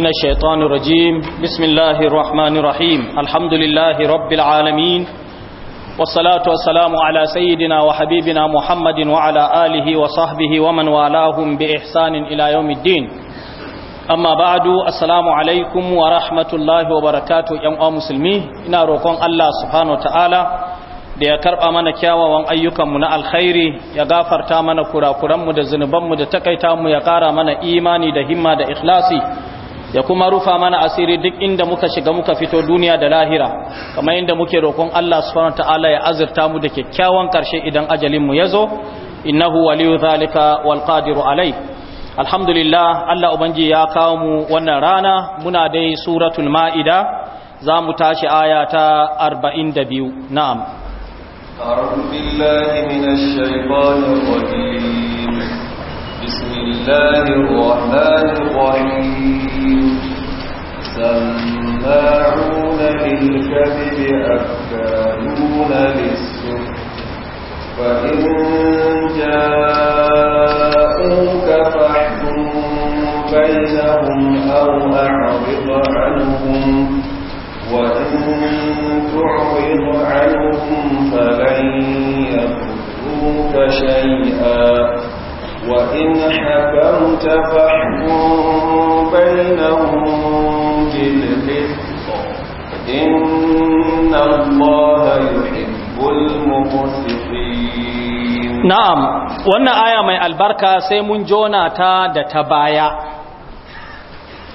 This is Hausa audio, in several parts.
من الشيطان الرجيم بسم الله الرحمن الرحيم الحمد لله رب العالمين والصلاة والسلام على سيدنا وحبيبنا محمد وعلى آله وصحبه ومن والاهم بإحسان إلى يوم الدين أما بعد السلام عليكم ورحمة الله وبركاته يا مسلمين إن روكم الله سبحانه وتعالى da ya karba mana kyawawan ayyukanmu na alkhairi ya gafarta mana kurakuranmu da zunubanmu da takaita mu ya kara mana imani da himma da ikhlasi ya kuma rufa mana asiri duk inda muka shiga muka fito duniya da lahira kamar inda muke roƙon Allah subhanahu ya azurta mu da kyakkyawan karshe idan ajalin mu yazo innahu waliyu zalika wal qadiru alai alhamdulillah Allah ubangi ya kawo mu wannan rana muna dai suratul maida za mu tashi aya ta 42 na'am أعوذ بالله من الشيطان الرجيم بسم الله الرحمن الرحيم سماعون للكذب أكالون للسر فإن جاءوك فاحكم بينهم أو أعرض عنهم وإن تعرض عنهم فلن يكفوك شيئا وإن حكمت فاحكم بينهم na'am wannan aya mai albarka sai mun jona ta da ta baya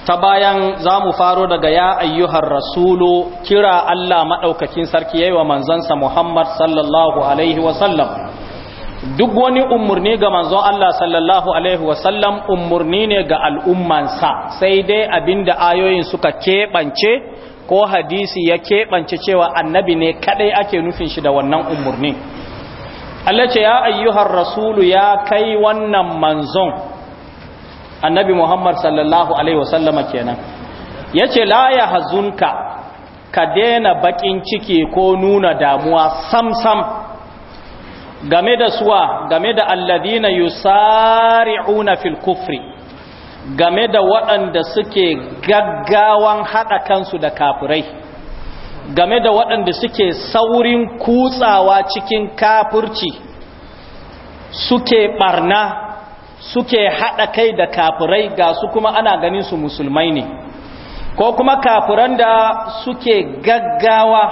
ta bayan za mu faro daga ya ayyuhar rasulu kira Allah maɗaukakin sarki yayi wa manzansa Muhammad sallallahu alaihi wasallam duk wani umarni ga manzon Allah sallallahu alaihi wasallam umarni ne ga al'ummansa sai dai abinda ayoyin suka keɓance ko hadisi ya keɓance cewa annabi ne kaɗai ake nufin shi da wannan umarni. Allah ce ya ayyuhar rasulu ya kai wannan manzon annabi Muhammad sallallahu alaihi wasallama kenan yace la ya hazunka ka daina baƙin ciki ko nuna damuwa sam sam game da suwa game da alladhina yusari'una fil kufri game da waɗanda suke gaggawan haɗa kansu da kafurai game da waɗanda suke saurin kutsawa cikin kafurci suke ɓarna suke haɗa kai da kafurai ga su kuma ana ganin su musulmai ne ko kuma kafuran da suke gaggawa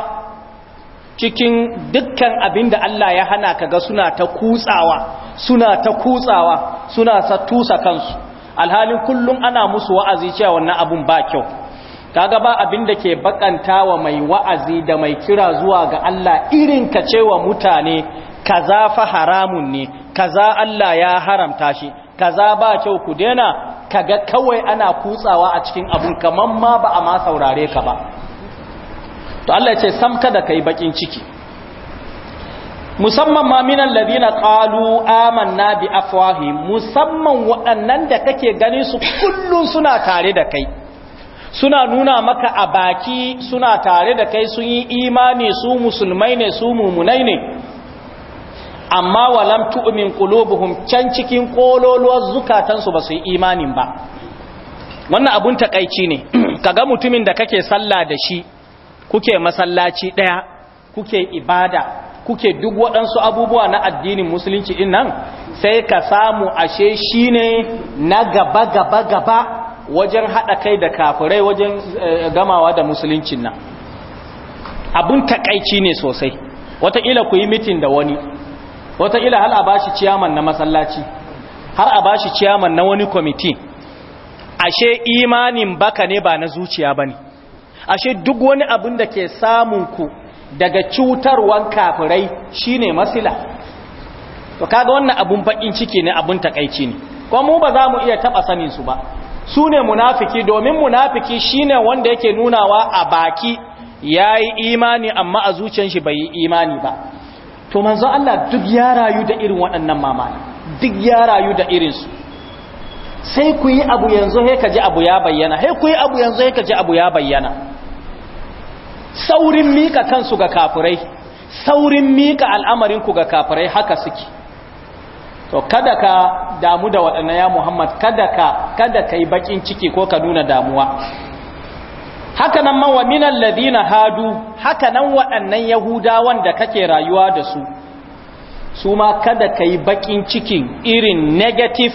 cikin dukkan abin da Allah ya hana kaga suna ta kutsawa suna ta kutsawa suna sa tusa kansu alhalin kullum ana musu wa'azi cewa wannan abun ba kyau kaga ba abin da ke bakanta wa mai wa'azi da mai kira zuwa ga Allah irin ka cewa mutane kaza fa haramun ne kaza Allah ya haramta shi kaza ba kyau ku dena kaga kawai ana kutsawa a cikin abun kaman ma ba a ma saurare ka ba to Allah ya ce sam kada kai bakin ciki musamman ma minan ladina qalu amanna bi afwahi musamman waɗannan da kake ganin su kullun suna tare da kai suna nuna maka a baki suna tare da kai sun yi imani su musulmai ne su mumunai ne amma walam tu'min qulubuhum can cikin kololuwar zukatansu ba su yi imanin ba wannan abun takaici ne kaga mutumin da kake sallah da shi kuke masallaci daya kuke ibada kuke duk waɗansu abubuwa na addinin musulunci in nan sai ka samu ashe shi ne na gaba gaba gaba wajen haɗa kai da kafirai wajen eh, gamawa da musuluncin nan abin takaici ne sosai wataƙila ku yi mitin da wani wataƙila har a bashi ciyaman na masallaci har a bashi ciyaman na wani kwamiti ashe imanin baka ne ba na zuciya ba ne ashe duk wani abin da ke samun ku daga cutarwan kafirai shine masila to kaga wannan abun bakin ciki ne abun takaici ne ko mu ba za mu iya taba sanin su ba su ne munafiki domin munafiki shine wanda yake nunawa a baki yayi imani amma a zuciyar shi bai imani ba to manzo Allah duk ya rayu da irin waɗannan mamaki, duk ya rayu da irin su sai ku yi abu yanzu sai ka ji abu ya bayyana sai ku yi abu yanzu sai ka ji abu ya bayyana saurin mika kansu ga kafirai saurin mika al'amarinku ga kafirai haka suke to kada ka damu da waɗannan ya muhammad kada ka kada ka yi baƙin ciki ko ka nuna damuwa haka nan mawa minan ladina hadu haka nan waɗannan yahudawan da kake rayuwa da su su ma kada ka yi baƙin cikin irin negative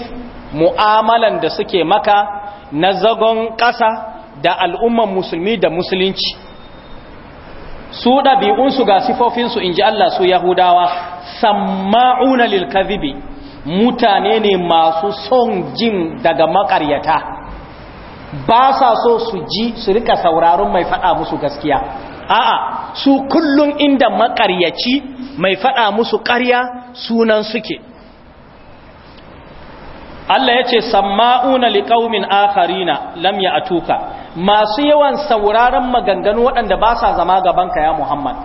mu'amalan da suke maka na zagon ƙasa da al'umman musulmi da musulunci su ɗabi'unsu ga sifofinsu in ji Allah su Yahudawa, samma'una lilkazibi mutane ne masu son jin daga makaryata, ba sa so su ji su rika sauraron mai faɗa musu gaskiya. A'a, su kullum inda makaryaci mai faɗa musu ƙarya sunan suke. Allah ya ce samma'una liƙaumin akharina lam ya atuka masu yawan sauraron maganganu waɗanda ba sa zama gabanka ya Muhammad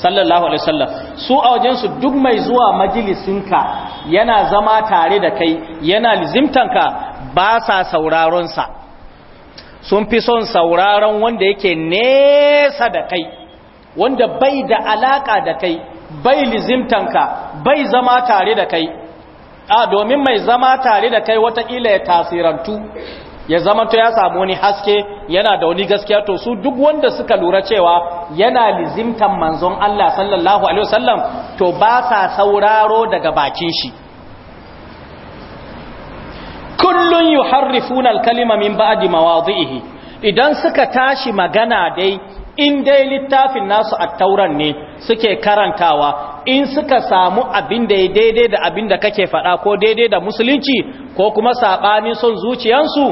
sallallahu alaihi wasallam su a wajensu duk mai zuwa majalisinka yana zama tare da kai yana lizimtanka ba sa sauraronsa sun fi son sauraron wanda yake nesa da kai wanda bai da alaƙa da kai bai lizimtanka bai zama tare da kai a domin mai zama tare da kai wataƙila ya tasirantu ya zama to ya samu wani haske yana da wani gaskiya to su duk wanda suka lura cewa yana lizimtan manzon Allah sallallahu alaihi wasallam to ba sa sauraro daga bakin shi kullun yuharrifuna al-kalima min ba'di mawadhihi idan suka tashi magana dai in dai littafin nasu a tauran ne suke karantawa in suka samu abin da ya daidai da abin da kake faɗa ko daidai da musulunci ko kuma saɓanin son zuciyansu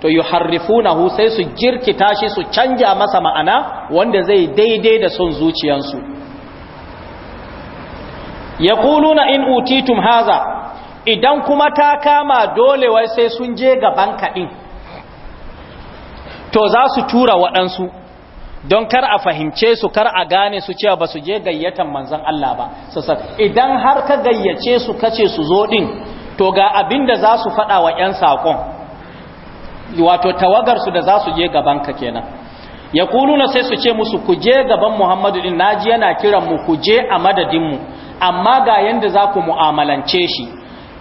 to yi harrifunahu sai su girkita shi su canja masa ma'ana wanda zai daidai da son zuciyansu ya kuluna in utitum haza idan kuma ta kama dole wai sai sun je gaban kaɗin to za su tura waɗansu don kar a fahimce su kar a gane su cewa ba su je gayyatan manzon Allah ba sassa idan har ka gayyace su kace su zo din to ga abin da za su faɗa wa 'yan saƙon wato tawagarsu da za su je gaban ka kenan ya kuluna sai su ce musu ku je gaban muhammadu din naji yana kiran mu ku je a mu, amma ga yadda za ku mu'amalance shi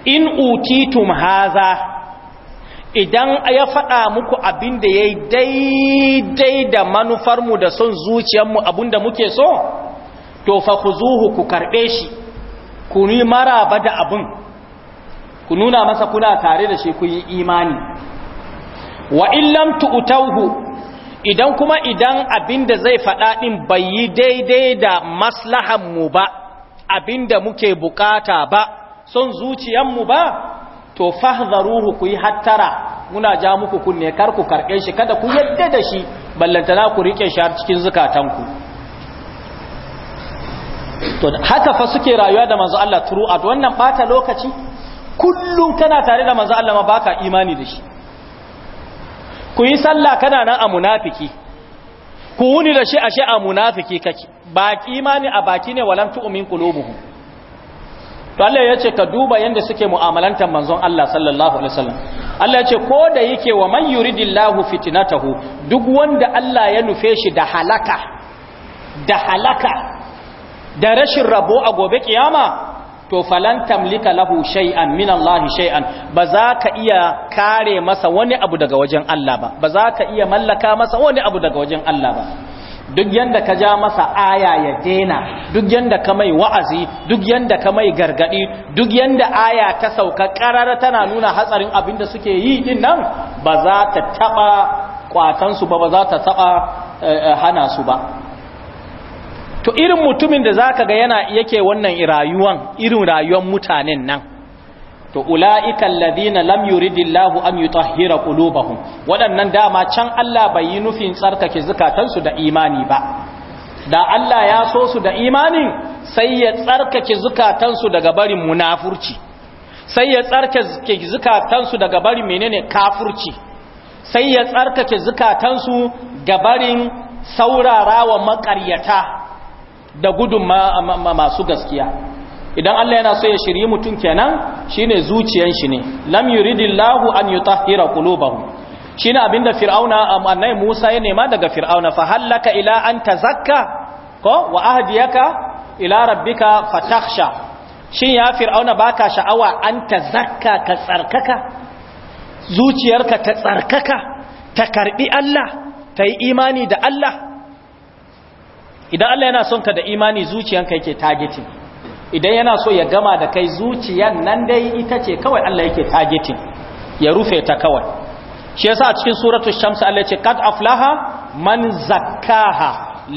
in utitum haza idan ya faɗa muku abin da ya yi daidai da manufarmu da son zuciyarmu abin da muke so to fa ku zuhu ku karɓe shi ku ni maraba da abin ku nuna masa kuna tare da shi ku yi imani wa illam tu'tauhu idan kuma idan abin da zai faɗa ɗin bai yi daidai da maslahanmu ba abinda muke bukata ba son zuciyarmu ba to fahdharuhu ku yi hattara muna ja muku kunne kar ku karɓe shi kada ku yadda da shi ballantana ku rike shi har cikin zukatanku to haka fa suke rayuwa da manzo Allah a wannan bata lokaci kullum kana tare da manzo Allah ma baka imani da shi ku yi sallah kana nan a munafiki ku wuni da shi ashe a munafiki kake ba imani a baki ne walam tu'min qulubuhum to Allah ya ce ka duba yanda suke mu'amalantar manzon Allah sallallahu alaihi wasallam Allah ya ce ko da yake wa man yuridillahu fitinatahu duk wanda Allah ya nufe shi da halaka da halaka da rashin rabo a gobe kiyama to falan tamlika lahu shay'an min Allah shay'an ba za ka iya kare masa wani abu daga wajen Allah ba ba za ka iya mallaka masa wani abu daga wajen Allah ba duk yanda ka ja masa aya ya dena duk yanda ka mai wa'azi duk yanda ka mai gargadi duk yanda aya ta sauka karara tana nuna hatsarin abin da suke yi din nan ba za ta taba kwatansu ba ba za ta taba eh, eh, hana su ba to irin mutumin da zaka ga yana yake wannan rayuwan irin rayuwan mutanen nan to ula'ika ladina lam yuridillahu an yutahhira qulubahum waɗannan dama can Allah bai yi nufin tsarkake su da imani ba da Allah ya so su da imanin sai ya tsarkake zukatansu daga barin munafurci sai ya tsarkake zukatansu daga barin menene kafurci sai ya tsarkake zukatansu ga barin saurarawa makaryata da gudun masu gaskiya idan Allah yana so ya shirye mutum kenan shine zuciyan shi ne lam yuridillahu an yutahhira qulubahum shine abinda fir'auna annai Musa ya nema daga fir'auna fa halaka ila an tazakka ko wa ahdiyaka ila rabbika fatakhsha shin ya fir'auna baka sha'awa an tazakka ka tsarkaka zuciyarka ta tsarkaka ta karbi Allah ta yi imani da Allah idan Allah yana son ka da imani zuciyanka yake targeting idan yana so ya gama da kai zuciyan nan dai ita ce kawai Allah yake targeting ya rufe ta kawai shi yasa a cikin suratul shams Allah ce kad aflaha man zakkaha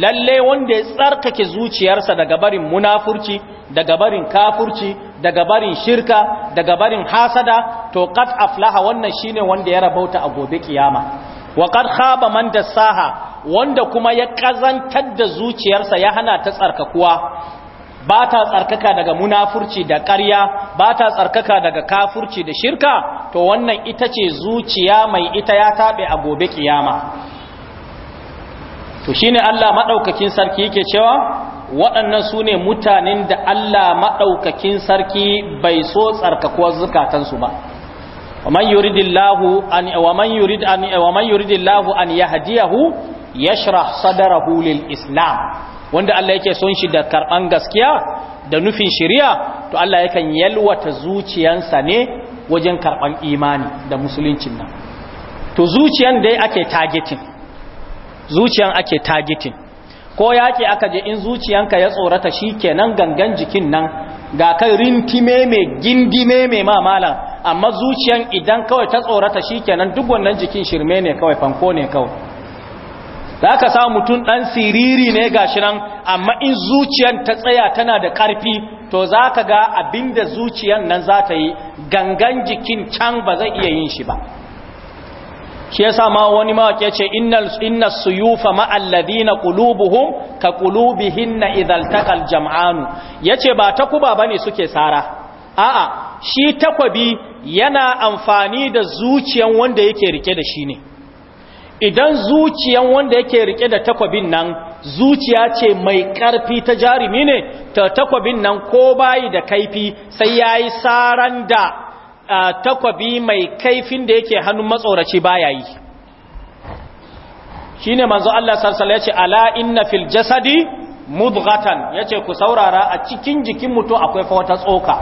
lalle wanda ya tsarkake zuciyarsa daga barin munafurci daga barin kafurci daga barin shirka daga barin hasada to kad aflaha wannan shine wanda ya rabauta a gobe kiyama wa kad khaba man dasaha wanda kuma ya kazantar da zuciyarsa ya hana ta tsarkakuwa ba ta tsarkaka daga munafurci da ƙarya ba ta tsarkaka daga kafurci da shirka to wannan ita ce zuciya mai ita ya taɓe a gobe ƙiyama. to shine Allah maɗaukakin sarki yake cewa waɗannan su ne mutanen da Allah maɗaukakin sarki bai so tsarkakuwar zukatansu ba wa man yuri an ya yuridillahu an yahdiyahu yashrah sadrahu lil islam wanda Allah yake son shi da karban gaskiya da nufin shari'a to Allah yakan yalwata zuciyansa ne wajen karban imani da musuluncin nan to zuciyan dai ake targeting zuciyan ake targeting ko yake aka je in zuciyanka ya tsorata shikenan gangan jikin nan ga kai rintime mai gindime mai mamala amma zuciyan idan kawai ta tsorata shikenan duk wannan jikin shirme ne kawai fanko ne kawai za ka samu mutum ɗan siriri ne gashi nan amma in zuciyar ta tsaya tana da ƙarfi to za ka ga abinda da zuciyar nan za ta yi gangan jikin can ba zai iya yin shi ba shi yasa ma wani mawaƙi ce inna suyufa ma'alladina qulubuhum ka qulubihinna idhal taqal jam'anu yace ba takuba ne suke sara a'a shi takwabi yana amfani da zuciyan wanda yake rike da shi ne idan zuciyan wanda yake rike da takwabin nan zuciya ce mai karfi ta jarumi ne ta takwabin nan ko bayi da kaifi sai ya yi saran da takwabi mai kaifin da yake hannun matsoraci baya yi shi ne manzo Allah sarsala ya ce ala inna fil jasadi mudghatan ya ce ku saurara a cikin jikin mutum akwai fa wata tsoka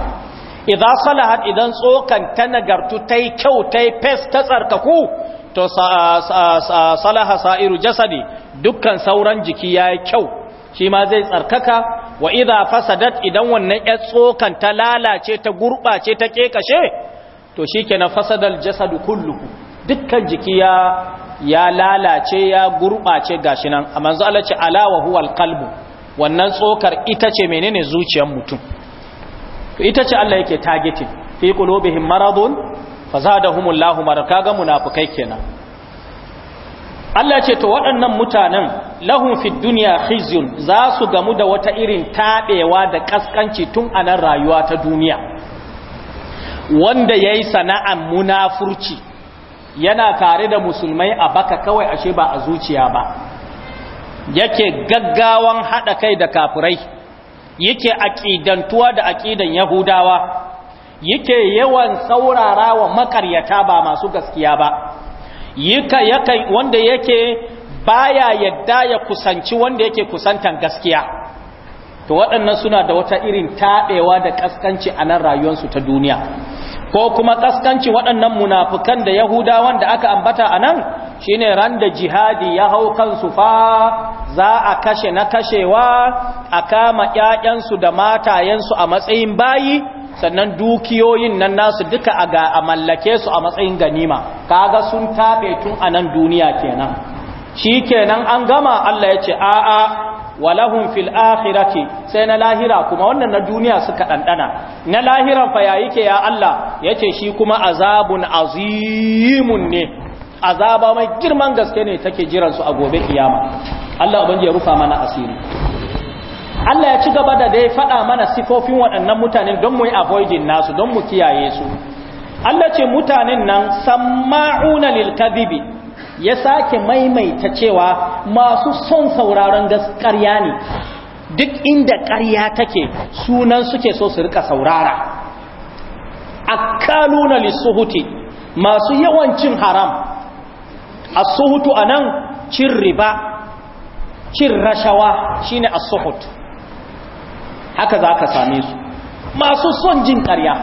idan salahat idan tsokan ta nagartu ta yi kyau ta yi fes ta tsarkaku to salaha sa'iru jasadi dukkan sauran jiki ya yi kyau shi ma zai tsarkaka wa idha fasadat idan wannan ya tsokan ta lalace ta gurbace ta kekashe to shikenan fasadal jasadu kullu. dukkan jiki ya ya lalace ya gurbace gashi nan a manzo Allah ce ala wa huwal qalbu wannan tsokar ita ce menene zuciyar mutum to ita ce Allah yake targeting fi qulubihim maradun fa zadahumullahu ga kaga munafikai kenan Allah ce to waɗannan mutanen lahum fid dunya khizyun za su gamu da wata irin tabewa da kaskanci tun a nan rayuwa ta duniya wanda yayi sana'an munafurci yana tare da musulmai a baka kawai ashe ba a zuciya ba yake gaggawan hada kai da kafurai, yake aqidantuwa da aqidan yahudawa yake yawan saurara wa makaryata ba masu gaskiya ba yika yakan wanda yake baya yadda ya kusanci wanda yake kusantan gaskiya to waɗannan suna da wata irin taɓewa da kaskanci a nan rayuwarsu ta duniya ko kuma kaskanci waɗannan munafukan da yahudawan da aka ambata a nan shine ran da jihadi ya hau kansu fa za a kashe na kashewa a kama ƴaƴansu da matayensu a matsayin bayi sannan dukiyoyin nan nasu duka a ga a mallake su a matsayin ganima kaga sun taɓe tun a nan duniya kenan shi kenan an gama Allah ya ce a'a walahun fil akhirati sai na lahira kuma wannan na duniya suka ɗanɗana na lahiran fa yayi ke ya Allah ya ce shi kuma azabun azimun ne azaba mai girman gaske ne take jiran su a gobe kiyama Allah ubangiji ya rufa mana asiri Allah ya ci gaba da dai faɗa mana sifofin waɗannan mutanen don mu yi avoidin nasu don mu kiyaye su Allah ce mutanen nan samma'una lil kadibi ya sake maimaita cewa masu son sauraron gaskiya ne duk inda ƙarya take sunan suke so su rika saurara akaluna lisuhuti masu yawan cin haram asuhutu suhutu anan cin riba cin rashawa shine as-suhut haka za ka same su masu son jin ƙarya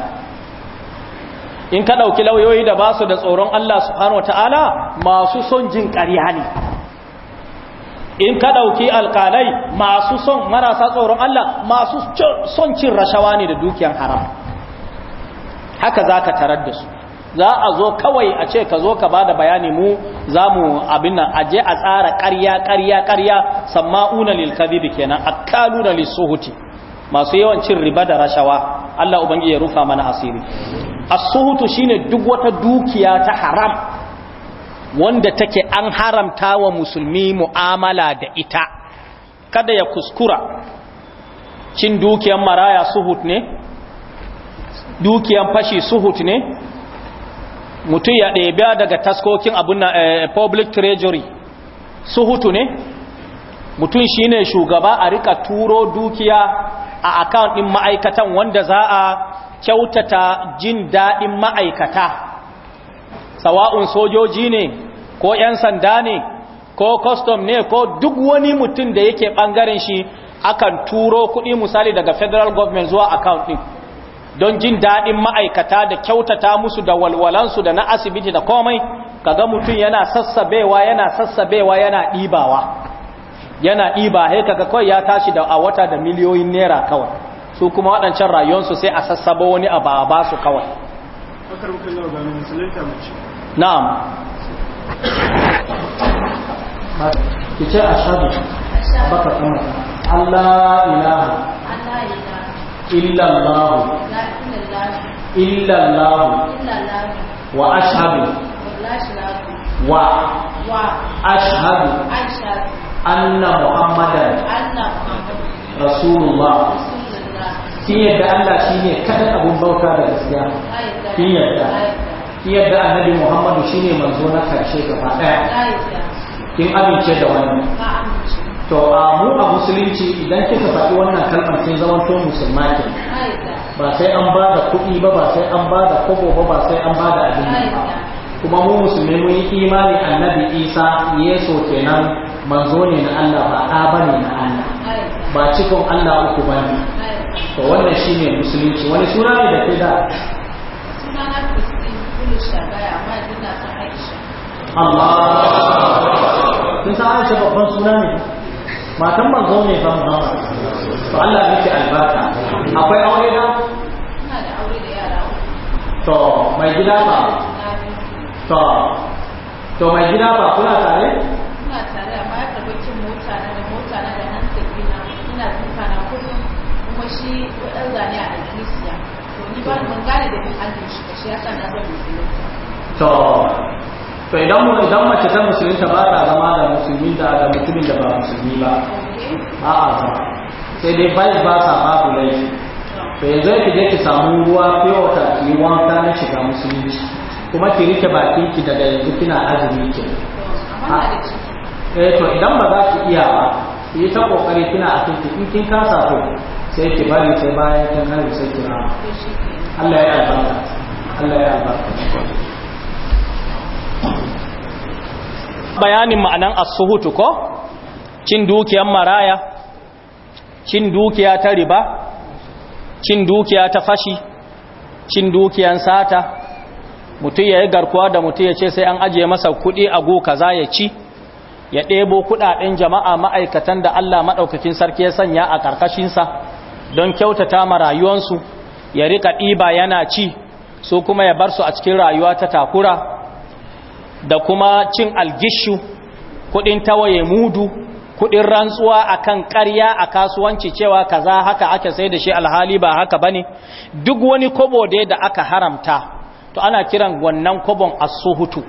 in ka ɗauki lauyoyi da ba su da tsoron Allah subhanahu wa ta'ala masu son jin ƙarya ne in ka ɗauki alƙalai masu son marasa tsoron Allah masu son cin rashawa ne da dukiyar haram haka za ka tarar da su za a zo kawai a ce ka zo ka ba da bayani mu za mu abin nan aje a tsara ƙarya ƙarya ƙarya samma'una lil kabibi kenan akaluna na lissuhuti masu yawan cin riba da rashawa Allah ubangiji ya rufa mana asiri as-suhutu shine duk wata dukiya ta haram wanda take an haramta wa musulmi mu'amala da ita kada ya kuskura cin dukiyan maraya suhut ne dukiyan fashi suhut ne mutum ya ɗebiya daga taskokin abun na eh, public treasury suhutu ne mutum shine shugaba a rika turo dukiya a account ɗin ma'aikatan wanda za a kyautata jin daɗin ma'aikata sawa'un sojoji ne ko 'yan sanda ne ko custom ne ko duk wani mutum da yake ɓangaren shi akan turo kuɗi misali daga federal government zuwa account ɗin don jin daɗin ma'aikata da kyautata musu da walwalansu da na asibiti da komai kaga mutum yana sassabewa yana sassabewa yana ɗibawa yana ɗiba sai kaga kawai ya tashi da a wata da miliyoyin naira kawai su kuma waɗancan rayuwarsu sai a sassaba wani a ba ba su kawai na'am ki ce ashadu baka kuma Allah ilaha illa Allah wa ashadu wa ashadu anna muhammadan rasulullah kin yadda Allah shi ne kadan abin bauta da gaskiya kin yadda kin yadda annabi muhammadu shine manzo na karshe gaba daya kin amince da wannan to a mu a musulunci idan kika faɗi wannan kalmar zaman zamanto musulma ke ba sai an ba da kuɗi ba ba sai an ba da kobo ba ba sai an ba da abin ba kuma mu musulmi mun yi imani annabi isa yeso kenan manzo ne na Allah ba ɗa bane na Allah ba cikin Allah uku ba to wannan shi ne musulunci wani suna ne da ke da Allah kun san Aisha babban suna ne matan manzo ne ba mu to Allah yake albarka akwai aure da ina da aure da yara to mai gida ba to to mai gida ba kuna tare shi zane a alkisiya to ni da shi shi ya da to idan mu idan mace ta ba ta zama da musulmi da da mutumin da ba musulmi ba a'a ba sai dai bai ba sa babu laifi to yanzu ki je ki samu ruwa fiye ta ki wanka na shiga musulunci kuma ki rike bakin ki daga yanzu kina azumi ke eh to idan ba za ki iya ba yi ta kokari kina a kai in kin kasa ko sai ki bari sai bayan kin kare sai kira Allah ya albarka Allah ya albarka bayanin ma'anan as-suhutu ko cin dukiyar maraya cin dukiya ta riba cin dukiya ta fashi cin dukiyan sata mutum ya yi garkuwa da mutum ya ce sai an ajiye masa kuɗi a go kaza ya ci ya ɗebo kuɗaɗen jama'a ma'aikatan da Allah maɗaukakin sarki ya sanya a ƙarƙashinsa don kyautata ma rayuwansu ya riƙa ɗiba yana ci su kuma ya bar su a cikin rayuwa ta takura da kuma cin algishu kuɗin tawaye mudu kuɗin rantsuwa a kan ƙarya a kasuwanci cewa kaza haka ake sai da shi alhali ba haka ba ne duk wani kobo da aka haramta to ana kiran wannan kobon a suhutu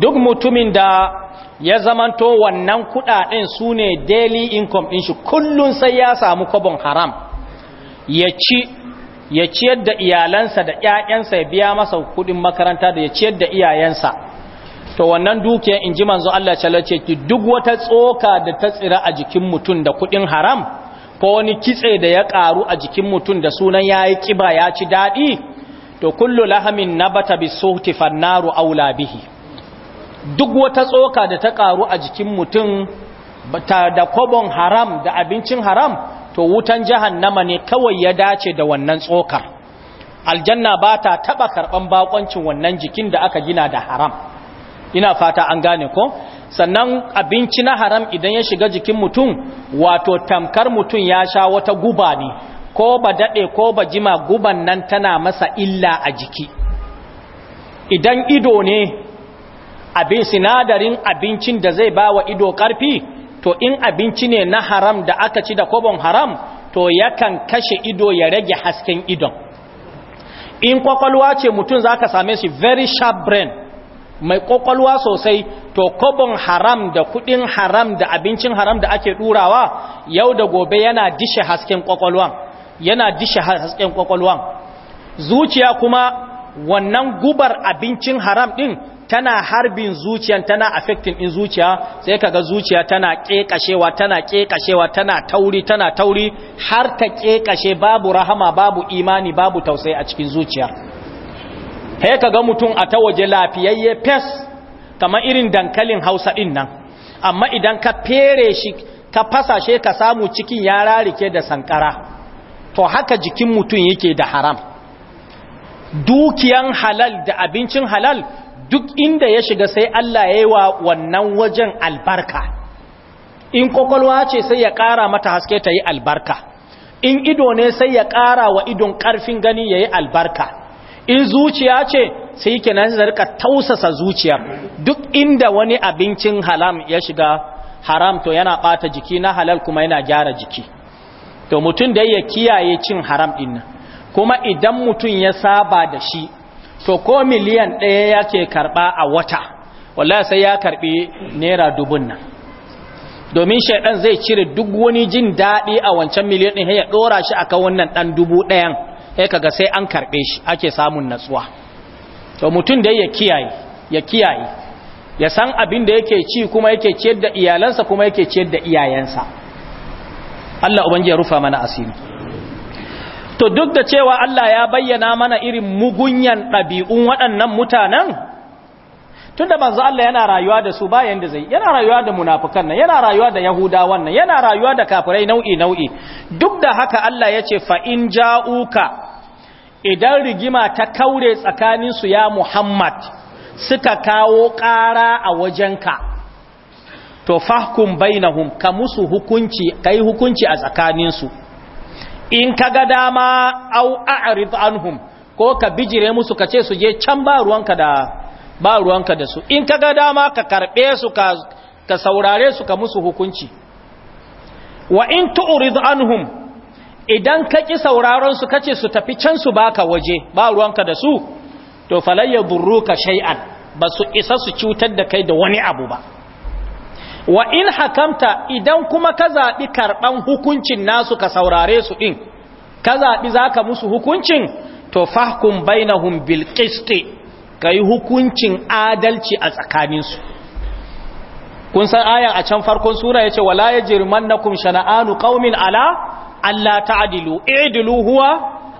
duk mutumin da ya zamanto wannan kudaden su ne daily income ɗin shi kullum sai ya samu kwabon haram ya ci ya ciyar da iyalansa da ƴaƴansa ya biya masa kudin makaranta da ya ciyar da iyayensa to wannan dukiyar inji manzo Allah ya ce ki duk wata tsoka da ta tsira a jikin mutum da kudin haram ko wani kitse da ya karu a jikin mutum da sunan yayi kiba ya ci daɗi, to kullu lahamin nabata bisuhti fannaru aula bihi duk wata tsoka da ta karu a jikin mutum da kwabon haram da abincin haram to wutan jahannama ne kawai ya dace da wannan tsokar aljanna ba ta taɓa karɓan bakoncin wannan jikin da aka gina da haram ina fata an gane ko sannan abinci na haram idan ya shiga jikin mutum wato tamkar mutum ya sha wata guba ne ko ba daɗe ko ba jima guban nan tana masa illa a jiki idan ido ne abin sinadarin abincin da zai ba wa ido ƙarfi to in abinci ne na haram da aka ci da kwabon haram to yakan kashe ido ya rage hasken idon in kwakwalwa ce mutum za ka same shi very sharp brain mai kwakwalwa sosai to kwabon haram da kudin haram da abincin haram da ake ɗurawa yau da gobe yana dishe hasken kwakwalwan yana dishe hasken kwakwalwan zuciya kuma wannan gubar abincin haram ɗin tana harbin zuciya tana affecting in zuciya sai kaga zuciya tana kekashewa tana kekashewa tana tauri tana tauri har ta kekashe babu rahama babu imani babu tausayi a cikin zuciya sai kaga mutum a ta waje lafiyayye fes kamar irin dankalin Hausa din nan amma idan ka fere shi ka fasashe ka samu cikin ya rarike da sankara to haka jikin mutum yake da haram dukiyan halal da abincin halal duk inda ya shiga sai Allah ya yi wa wannan wajen albarka in kwakwalwa ce sai ya ƙara mata haske ta yi albarka in ido ne sai ya ƙara wa idon ƙarfin gani ya yi albarka in zuciya ce sai kenan zarka tausasa zuciyar duk inda wani abincin halam ya shiga haram to yana ɓata jiki na halal kuma yana gyara jiki to mutum da ya kiyaye cin haram ɗin kuma idan mutum ya saba da shi to ko miliyan ɗaya ya ce karɓa a wata wallah sai ya karɓi naira dubun nan domin shaidan zai cire duk wani jin daɗi a wancan miliyan ɗin ya ɗora shi kan wannan ɗan dubu ɗayan ya kaga sai an karɓe shi ake samun natsuwa to mutum dai ya kiyaye ya kiyaye ya san abin da yake ci kuma yake ciyar da iyalansa kuma yake ciyar da iyayensa Allah ubangi ya rufa mana asiri to duk da cewa Allah ya bayyana mana irin mugunyan ɗabi'un waɗannan mutanen tun da manzo Allah yana rayuwa da su bayan da zai yana rayuwa da munafukan nan yana rayuwa da yahudawan nan yana rayuwa da kafirai nau'i nau'i duk da haka Allah ya ce fa in ja'uka idan rigima ta kaure tsakaninsu ya Muhammad suka kawo ƙara a wajenka to fahkum bainahum ka musu hukunci kai hukunci a tsakaninsu. in ka ga dama au a'rid anhum ko ka bijire musu ka ce su je can ba ruwanka da ba ruwanka da su in ka ga dama ka karbe su ka ka saurare su ka musu hukunci wa in tu'rid anhum idan ka ki sauraron su kace su tafi can su baka waje ba ruwanka da su to falayya durruka shay'an basu isa su cutar da kai da wani abu ba wa in hakamta idan kuma ka zaɓi karɓan hukuncin nasu ka saurare su ɗin ka zaɓi za ka musu hukuncin to fahkun bainahum bil ka yi hukuncin adalci a tsakaninsu kun san ayan a can farkon sura ya ce wala ya jirman na shana'anu ƙaumin ala Allah ta'adilu idilu huwa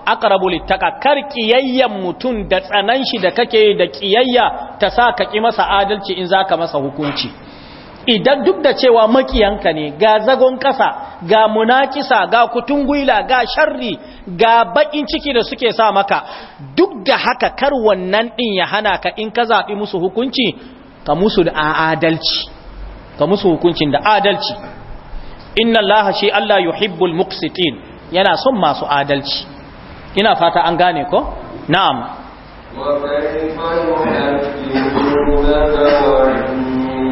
aqrabu littaqa kar kiyayyan mutun da tsanan shi da kake da kiyayya ta sa ka ki masa adalci in zaka masa hukunci idan duk da cewa makiyanka ne ga zagon kasa, ga munakisa ga kutungwila ga sharri ga baƙin ciki da suke sa maka duk da haka kar wannan ɗin ya hana ka in ka zaɓi musu hukunci ka musu da adalci ka musu hukuncin da adalci inna allaha shi allah yuhibbul muqsitin yana son masu adalci ina fata an gane ko na'am wa wa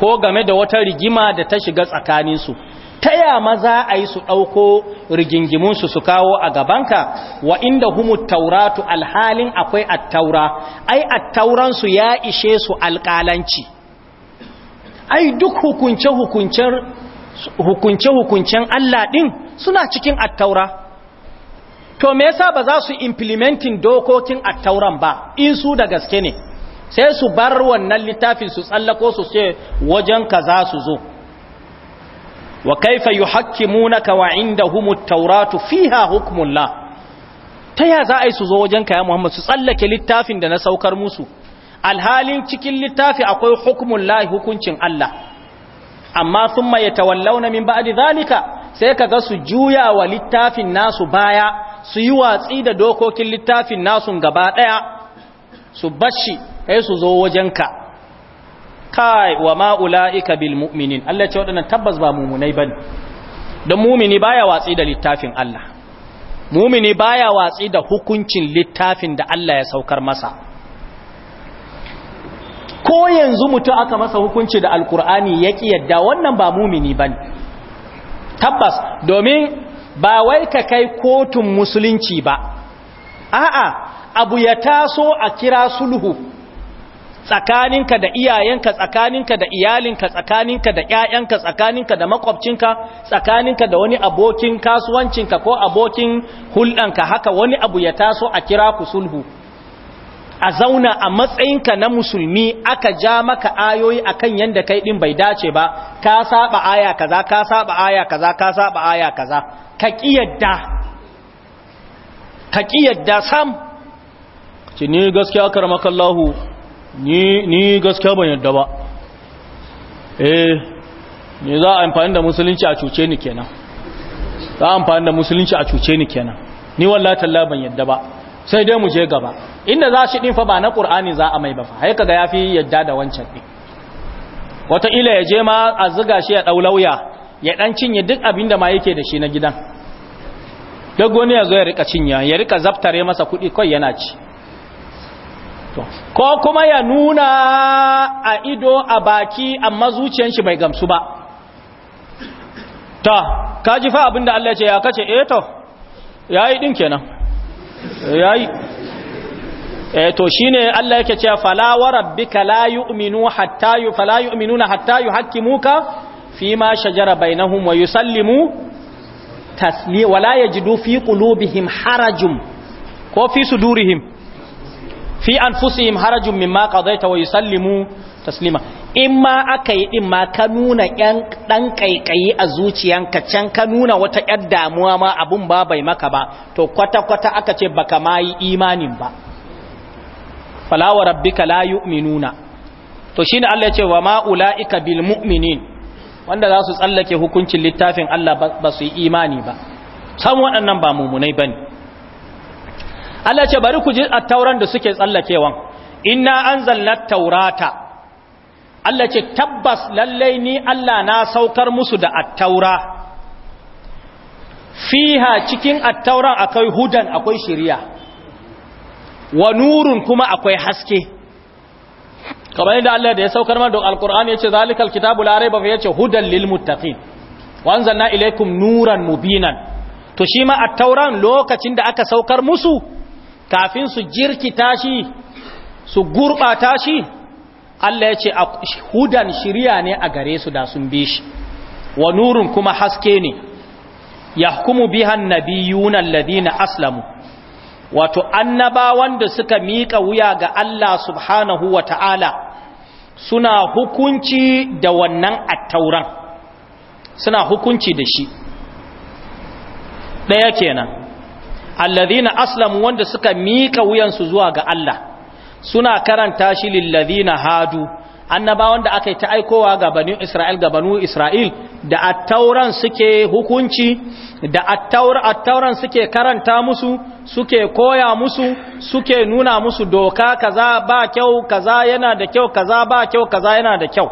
ko game da wata rigima da ta shiga tsakaninsu ta ya maza a yi su ɗauko rigingimunsu su kawo a gabanka wa inda humu tauratu alhalin akwai attaura ai attauransu ya ishe su alƙalanci ai duk hukunce-hukuncen Allah ɗin suna cikin attaura to me yasa ba za su implementing dokokin attauran ba in su da gaske ne sai su bar wannan littafin su tsallako su ce wajen ka za su zo wa kaifa munaka wa indahumut tauratu fiha hukmullah ta ya za a yi su zo wajen kaya Muhammad su tsallake littafin da na saukar musu alhalin cikin littafi akwai hukmullahi hukuncin Allah amma thumma yatawallauna min ba'di zalika sai ga su juya wa littafin nasu baya su yi watsi da dokokin littafin nasu gaba ɗaya su bashi kai su zo wajenka kai wa ma'ula'ika bil mu'minin Allah ce waɗannan tabbas ba mumunai bane don mumini baya watsi da littafin Allah mumini baya watsi da hukuncin littafin da Allah ya saukar masa ko yanzu mutum aka masa hukunci da alkur'ani ya ƙi yadda wannan ba mumini ba ne tabbas domin ba wai ka kai kotun musulunci ba a'a abu ya taso a kira sulhu tsakaninka da iyayenka tsakaninka da iyalinka tsakaninka da ƴaƴanka tsakaninka da makwabcinka tsakaninka da wani abokin kasuwancinka ko abokin hulɗanka haka wani abu ya taso a kira ku sulhu a zauna a matsayinka na musulmi aka ja maka ayoyi akan yanda kai din bai dace ba ka saba aya kaza ka saba aya kaza ka saba aya kaza ka kiyarda ka kiyarda sam ce ni gaskiya Kallahu? ni gaskiya ban yadda ba eh ni za a amfani da musulunci a cuce ni kenan za a amfani da musulunci a cuce ni kenan ni wallahi talla ban yadda ba sai dai mu je gaba inda za shi din fa ba na qur'ani za a mai ba fa haika ga yafi yadda da wancan din wata ila ya je ma a zuga shi ya dau lauya ya dan cinye duk abin da ma yake da shi na gidan duk wani ya zo ya rika cinya ya rika zaftare masa kuɗi kai yana ci ko kuma ya nuna a ido a baki amma zuciyar shi bai gamsu ba ta kaji fa abinda Allah ya ce ya kace eh to yayi din kenan eh, yayi eh to shine Allah yake cewa fala wa rabbika la yu'minu hatta yu fala yu'minuna hatta yuhaqqimuka fima shajara bainahum wa yusallimu taslima wala yajidu fi qulubihim harajum ko fi sudurihim fi anfusihim harajun mimma qadaita wa yusallimu taslima in ma aka yi ɗin ma ka nuna yan ɗan kaikayi a zuciyanka can ka nuna wata yar damuwa ma abun ba bai maka ba to kwata kwata aka ce baka ma yi imanin ba fala wa rabbika la yu'minuna to ne Allah ya ce wa ma ulaika bil mu'minin wanda za su tsallake hukuncin littafin Allah ba su yi imani ba san waɗannan ba mumunai bane Allah ce bari ku ji attauran da suke tsallakewan inna anzalna taurata Allah ce tabbas lallai ni Allah na saukar musu da attaura fiha cikin attauran akwai hudan akwai shiriya wa nurun kuma akwai haske kamar yadda Allah da ya saukar mana da alkur'ani yace zalikal kitabu la raiba fi yace hudan lil muttaqin wa anzalna ilaykum nuran mubinan to shi ma attauran lokacin da aka saukar musu kafin su jirkita shi su gurɓata shi Allah ya ce hudan shiriya ne a gare su da sun bi shi wa nurun kuma haske ne ya yahkumu bihan nabiyuna alladhina aslamu wato annaba wanda suka miƙa wuya ga Allah subhanahu wa ta'ala suna hukunci da wannan attauran suna hukunci da shi ɗaya kenan alladhina aslamu wanda suka mika wuyansu zuwa ga Allah suna karanta shi lilladhina hadu annaba wanda aka yi ta aikowa ga banu Isra'il ga banu Isra'il da attauran suke hukunci da attauran suke karanta musu suke koya musu suke nuna musu doka kaza ba kyau kaza yana da kyau kaza ba kyau kaza yana da kyau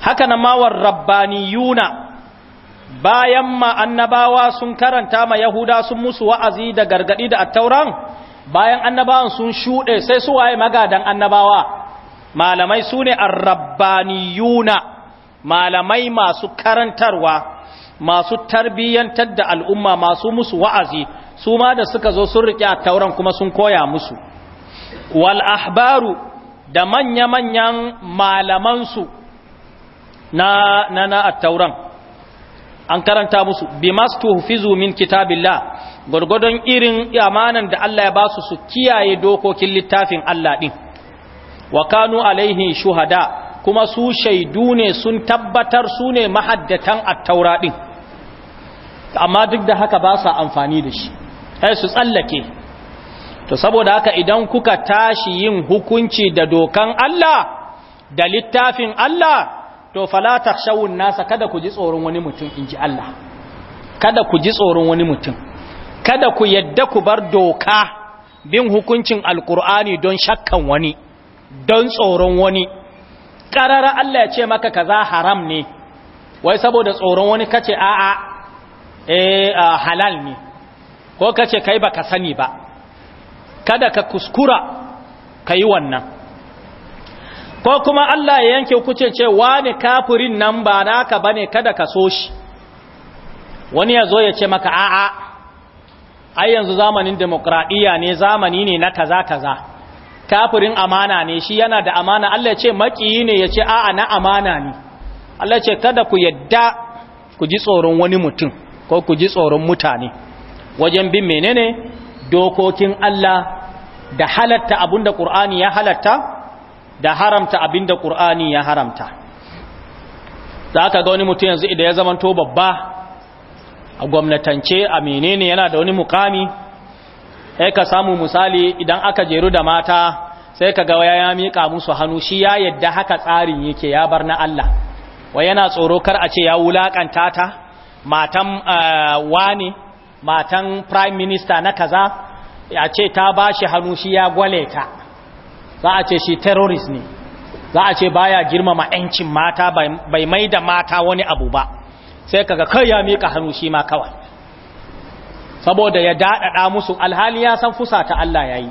haka na war rabbaniyuna bayan ma annabawa sun karanta ma yahuda sun musu wa'azi da gargadi da attauran bayan annabawan sun shuɗe sai su waye magadan annabawa malamai su ne arrabbaniyuna malamai masu karantarwa masu tarbiyyantar da al'umma masu musu wa'azi su ma da suka zo sun riƙe attauran kuma sun koya musu wal ahbaru da manya-manyan malamansu na na, na attauran an karanta musu hufizu min kitabillah gwargwadon irin amanan da Allah ya basu su kiyaye dokokin littafin Allah din wa kanu alaihi shuhada kuma su shaidu ne sun tabbatar su ne mahaddatan a taura amma duk da haka ba sa amfani da shi sai su tsallake to saboda haka idan kuka tashi yin hukunci da dokan Allah da littafin Allah to fala shawun nasa kada ku ji tsoron wani mutum in ji Allah kada ku ji tsoron wani mutum kada ku yadda ku bar doka bin hukuncin alkur'ani don shakkan wani don tsoron wani karara Allah ya ce maka kaza haram ne wai saboda tsoron wani kace a'a eh halal ne ko kace kai baka sani ba kada ka kuskura kai wannan ko kuma Allah ya yanke hukunci ce wani kafirin nan ba naka bane kada ka so shi wani ya zo ya ce maka a'a ai yanzu zamanin demokradiya ne zamani ne na kaza kaza kafirin amana ne shi yana da amana Allah ya ce makiyi ne ya ce a'a na amana ne Allah ya ce kada ku yadda ku ji tsoron wani mutum ko ku ji tsoron mutane wajen bin menene dokokin Allah da halatta abinda Qur'ani ya halatta da haramta abinda Qur'ani ya haramta da aka ga wani mutum yanzu idan ya zamanto babba a gwamnatance a menene yana da wani mukami sai ka samu misali idan aka jeru da mata sai ka ga waya ya miƙa musu hannu shi ya yadda haka tsarin yake ya bar na Allah wai yana tsoro kar a ce ya wulakanta ta matan eh, Wani matan prime minister na kaza a ce ta bashi hannu shi ya gwale ta za a ce shi terrorist ne za a ce baya girmama 'yancin mata bai mai da mata wani abu ba sai kaga kai ya mika hannu shi ma kawai saboda ya daɗaɗa musu alhali ya san fusa ta Allah ya yi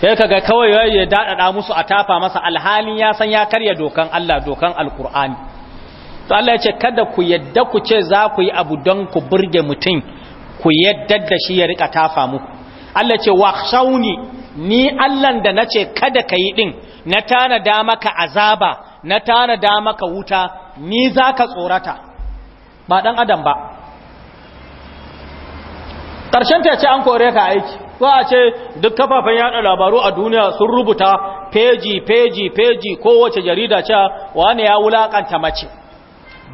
sai kaga kawai ya daɗaɗa musu a tafa masa alhali ya san ya karya dokan Allah dokan alkur'ani to Allah ya ce kada ku yadda ku ce za ku yi abu don ku burge mutum ku yadda da shi ya rika tafa muku Allah ce wa shauni ni allan da na ce kada ka yi ɗin na tanada maka azaba na tanada maka wuta ni za ka tsorata ba ɗan adam ba ƙarshen ta ce an kore ka aiki ko a ce duk kafafen yada labaru a duniya sun rubuta peji peji peji kowace jarida cewa wani ya wulakanta mace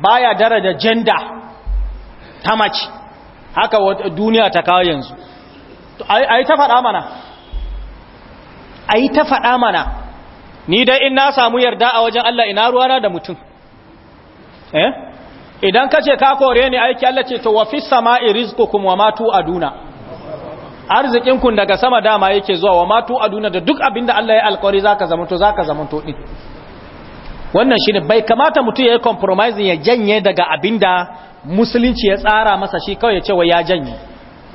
baya daraja janda ta mace haka duniya ta kawo yanzu a ta faɗa mana a ta faɗa mana ni dai in na samu yarda a wajen Allah ina ruwana da mutum eh idan kace ka kore ni aiki Allah ce to wa fi sama'i rizqukum wa ma aduna arzikin kun daga sama dama yake zuwa wa ma aduna da duk abinda Allah ya alƙawari zaka to zaka to din wannan shine bai kamata mutum ya yi compromise ya janye daga abinda musulunci ya tsara masa shi kawai ya ce wa ya janye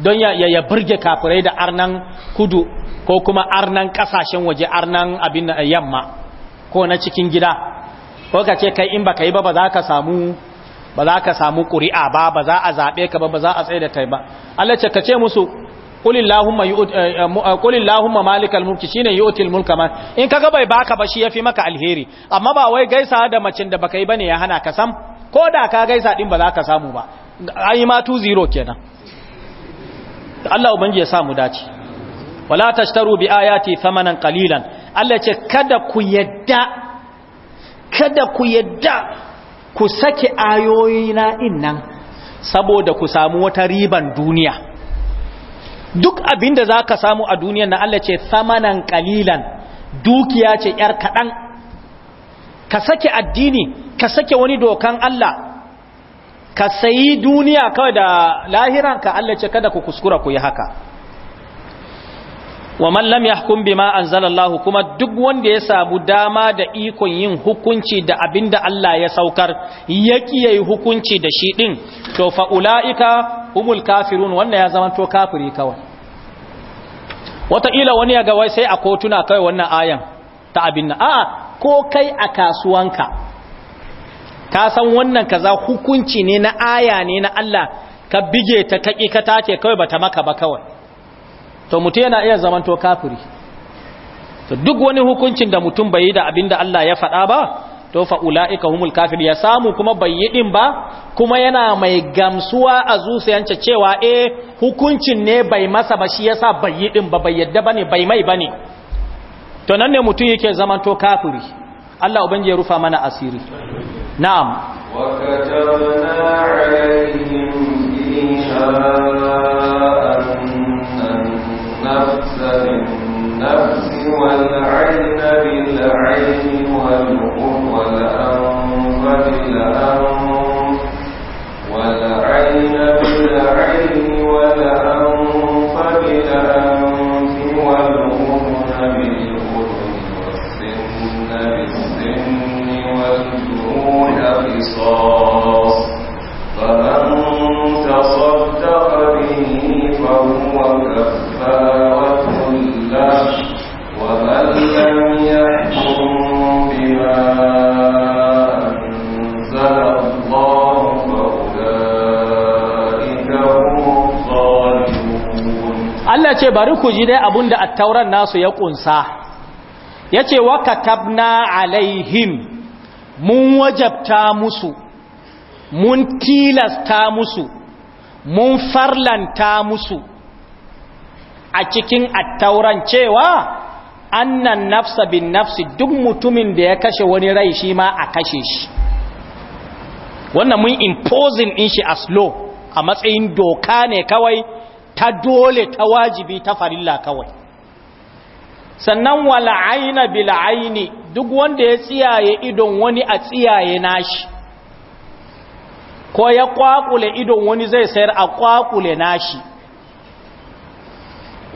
don ya ya burge kafirai da arnan kudu ko kuma arnan kasashen waje arnan abin yamma ko na cikin gida ko ka ce kai in baka yi ba ba za ka samu ba za ka samu ƙuri'a ba ba za a zaɓe ka ba ba za a tsaye da kai ba Allah ce ka ce musu kulillahumma eh, eh, eh, malikal mulki shine yu'til mulka man in kaga bai baka ba shi yafi maka alheri amma ba wai gaisa da macin da baka yi bane ya hana ka sam ko da ka gaisa din ba za ka samu ba ayi ma 20 kenan da Allah ubangiji ya sa mu dace wala tashtaru bi ayati thamanan qalilan Allah ce kada ku yadda kada ku yadda ku sake ayoyina innan saboda ku samu wata riban duniya duk abinda zaka samu a duniyan na Allah ce thamanan qalilan dukiya ce yar kadan ka sake addini ka sake wani dokan Allah ka sayi duniya kawai da lahiranka Allah ce kada ku kuskura ku yi haka wa man lam yahkum bima anzalallahu kuma duk wanda ya samu dama da ikon yin hukunci da abinda Allah ya saukar yaki yayi hukunci da shi din to fa ulaika humul kafirun wannan ya zama to kafiri kawai wataƙila wani ya ga wai sai a kotuna kawai wannan ayan ta abin nan a'a ko kai a kasuwanka ka san wannan kaza hukunci ne na aya ne na Allah ka bige ta kaki ka take kawai bata maka ba kawai to mutum yana iya zaman to kafiri to duk wani hukuncin da mutum bai yi da abinda Allah ya faɗa ba to fa ulaika humul kafir ya samu kuma bai yi din ba kuma yana mai gamsuwa a zuciyarsa cewa eh hukuncin ne bai masa ba shi yasa bai yi din ba bai yadda bane bai mai bane to nan ne mutum yake zaman to kafiri Allah ubangiji ya rufa mana asiri na'am wa katabna alaihim fiha an-nafsa bin ce bari ku ji dai abinda attauran nasu ya kunsa yace wa katabna alaihim mun wajabta musu mun tilasta musu mun farlanta musu a cikin attauran cewa annan nafsa bin nafsi duk mutumin da ya kashe wani rai shi ma a kashe shi wannan mun imposing in shi as law a matsayin doka ne kawai ta dole ta wajibi ta farilla kawai sannan wala aina bil aini duk wanda ya tsiyaye idon wani a tsiyaye nashi ko ya kwakule idon wani zai sayar a kwakule nashi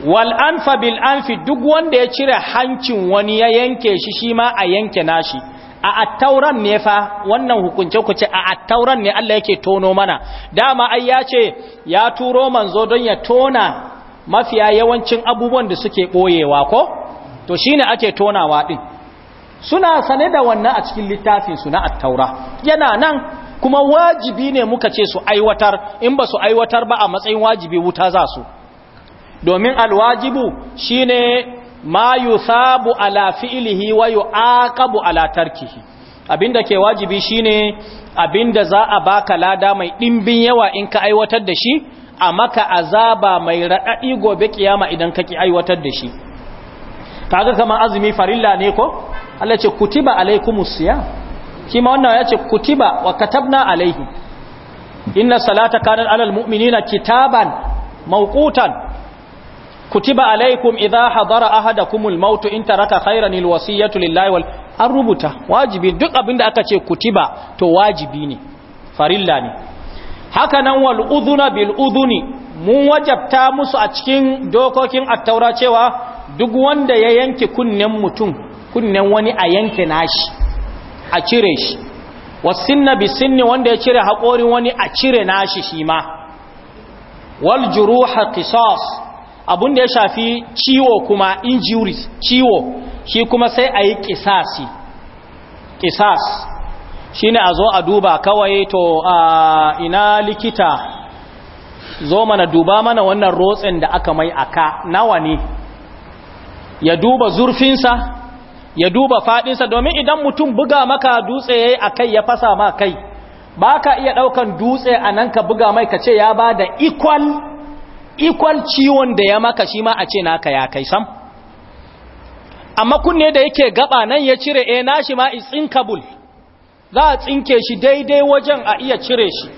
wal anfa bil anfi duk wanda ya cire hancin wani ya yanke shi shi ma a yanke nashi a attauran ne fa wannan hukunce ku ce a attauran ne Allah yake tono mana dama ai ya ce ya turo manzo don ya tona mafiya yawancin abubuwan da suke boyewa ko to shi ne ake tonawa ɗin suna sane da wannan a cikin littafin su na attaura yana nan kuma wajibi ne muka ce su aiwatar in ba su aiwatar ba a matsayin wajibi wuta za su domin alwajibu shi shine ma sabu ala fi’ilihi wa aƙabu ala tarkihi abinda ke wajibi shi shine da za a baka lada mai ɗimbin yawa in ka aiwatar da shi a maka azaba mai raɗaɗi gobe kiyama idan ka ki aiwatar da shi kaga kama azumi farilla ne ko Allah ce kutiba alaikumus siyam shi wannan ya ce kutiba wa katabna alaihi inna salata kanat alal mu'minina kitaban mawqutan kutiba alaikum idha hadara ahadakumul maut in taraka khairan alwasiyatu lillahi wal an rubuta wajibi duk abinda aka ce kutiba to wajibi ne farilla ne haka nan wal udhuna bil udhuni mun wajabta musu a cikin dokokin at-taura cewa duk wanda ya yanke kunnen mutum kunnen wani a yanke nashi a cire shi wasinna sinni wanda ya cire haƙorin wani a cire nashi shi ma wal juruha qisas abunda ya shafi ciwo kuma injuries ciwo shi kuma sai a yi ƙisasi ƙisas shi ne a zo a duba kawai to a ina likita zo mana duba mana wannan rotsin da aka mai aka nawa ne ya duba zurfinsa ya duba fadinsa domin idan mutum buga maka dutse ya yi a kai ya fasa ma kai ba ka iya ɗaukan dutse a nan ka buga mai ka ce ya ba da ikon ciwon da ya maka shi ma a ce naka ya kai sam amma kunne da yake gaba nan ya cire e shi ma itsin kabul za a tsinke shi daidai wajen a iya cire shi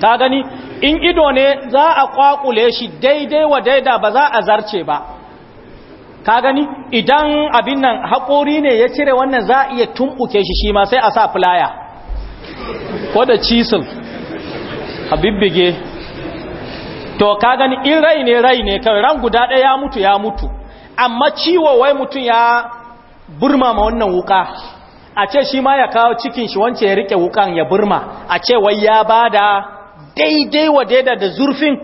Ka gani in ido ne za a kwakule shi daidai wa daida ba za a zarce ba ka gani idan abin nan haƙori ne ya cire wannan za a iya tumɓuke shi shi ma sai a sa filaya ko da cisil a bibbige to ka gani in rai ne rai ne kawai ran guda ɗaya ya mutu ya mutu amma ciwo wai mutum ya burma ma wannan wuka a ce shi ma ya kawo cikin shi wance ya rike wukan ya burma a ce wai ya bada daidai wa daida da zurfin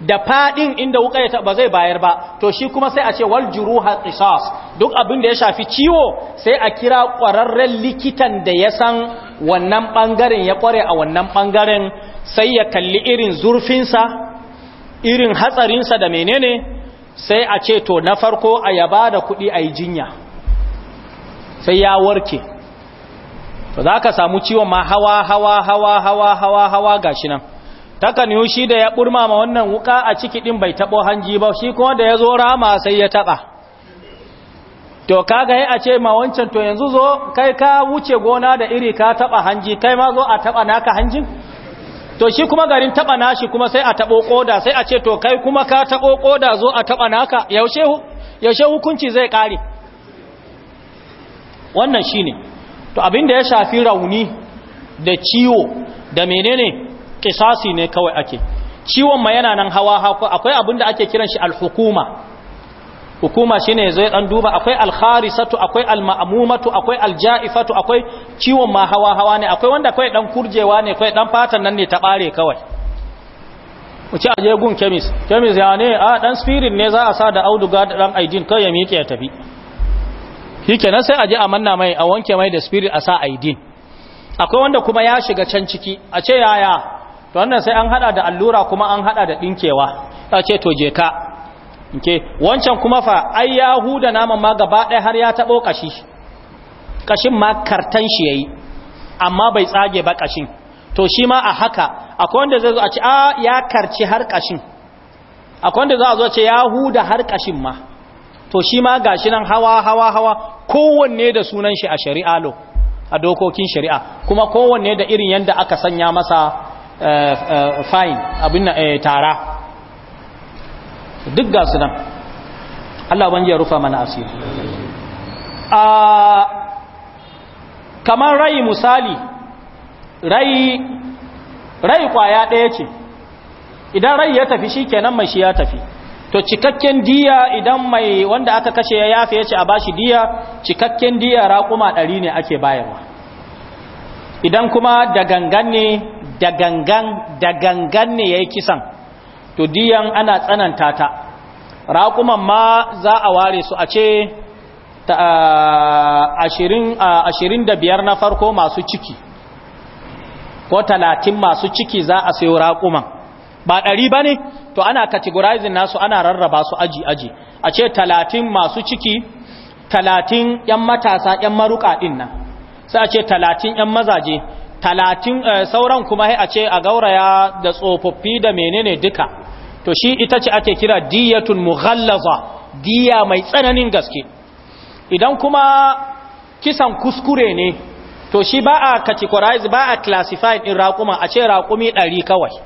da fadin inda wuka ya ba zai bayar ba to shi kuma sai a ce wal juruha qisas duk abin da ya shafi ciwo sai a kira kwararren likitan da ya san wannan bangaren ya kware a wannan bangaren sai ya kalli irin zurfinsa irin hatsarinsa da menene sai a ce to na farko a yaba da kuɗi a jinya sai ya warke to za ka samu ciwon ma hawa hawa hawa hawa hawa hawa gashi nan takan yi shi da ya burma ma wannan wuka a ciki ɗin bai tabo hanji ba shi kuma da ya zo rama sai ya taba to kaga ya a ce ma wancan to yanzu zo kai ka wuce gona da iri ka taba hanji kai ma zo a taba naka hanjin to shi kuma garin taba nashi kuma sai a tabo koda sai a ce to kai kuma ka tabo koda zo a taba naka yaushe yaushe hukunci zai ƙare? wannan shine to abin da ya shafi rauni da ciwo da menene kisasi ne kawai ake ciwon ma yana nan hawa hako akwai abin da ake kiran shi alhukuma hukuma shine zai dan duba akwai alkharisatu akwai alma'mumatu akwai aljaifatu akwai ciwon ma hawa hawa ne akwai wanda kai dan kurjewa ne kai dan fatan nan ne ta bare kawai wuce ci aje gun kemis kemis ya ne a ah, dan spirit ne za a sa da auduga da dan aidin kai ya miƙe ya tafi shikenan sai aje a manna mai a wanke mai da spirit a sa aidin akwai wanda kuma ya shiga can ciki a ce yaya to wannan sai an hada da allura kuma an hada da dinkewa ta ce to je ka nke wancan kuma fa ai ya huda naman ma gaba ɗaya har ya taɓo ƙashi ƙashin ma kartan shi ya yi amma bai tsage ba ƙashin to shi ma a haka akwai wanda zai zo a ce a ya karci har ƙashin akwai wanda za a zo ce ya har ƙashin ma to shi ma ga shi nan hawa hawa hawa kowanne da sunan shi a shari'a lo a dokokin shari'a kuma kowanne da irin yadda aka sanya masa fine abin na eh, tara duk gasu nan Allah ban ya rufa mana asiri kamar rai misali rai rai kwaya ɗaya ce idan rai ya tafi shi kenan mai shi ya tafi to cikakken diya idan mai wanda aka kashe ya yafe ya ce a bashi diya cikakken diya raƙuma ɗari ne ake bayarwa idan kuma da gangan ne da gangan da gangan ne yayi kisan to diyan ana tsananta ta raƙuman ma za a ware su a ce ashirin da biyar na farko masu ciki ko talatin masu ciki za a sayo raƙuman ba ɗari ba ne to ana categorizing nasu ana rarraba su aji-aji a ce talatin masu ciki talatin ‘yan matasa ‘yan maruka ɗin nan sai a ce talatin ‘yan mazaje talatin eh, sauran kuma a ce a gauraya da tsofaffi da menene duka to shi ita ce ake kira diyatun mughallaza diya mai tsananin gaske idan kuma kisan kuskure ne to shi ba a categorize ba a classify din raƙuma a ce raƙumi ɗari kawai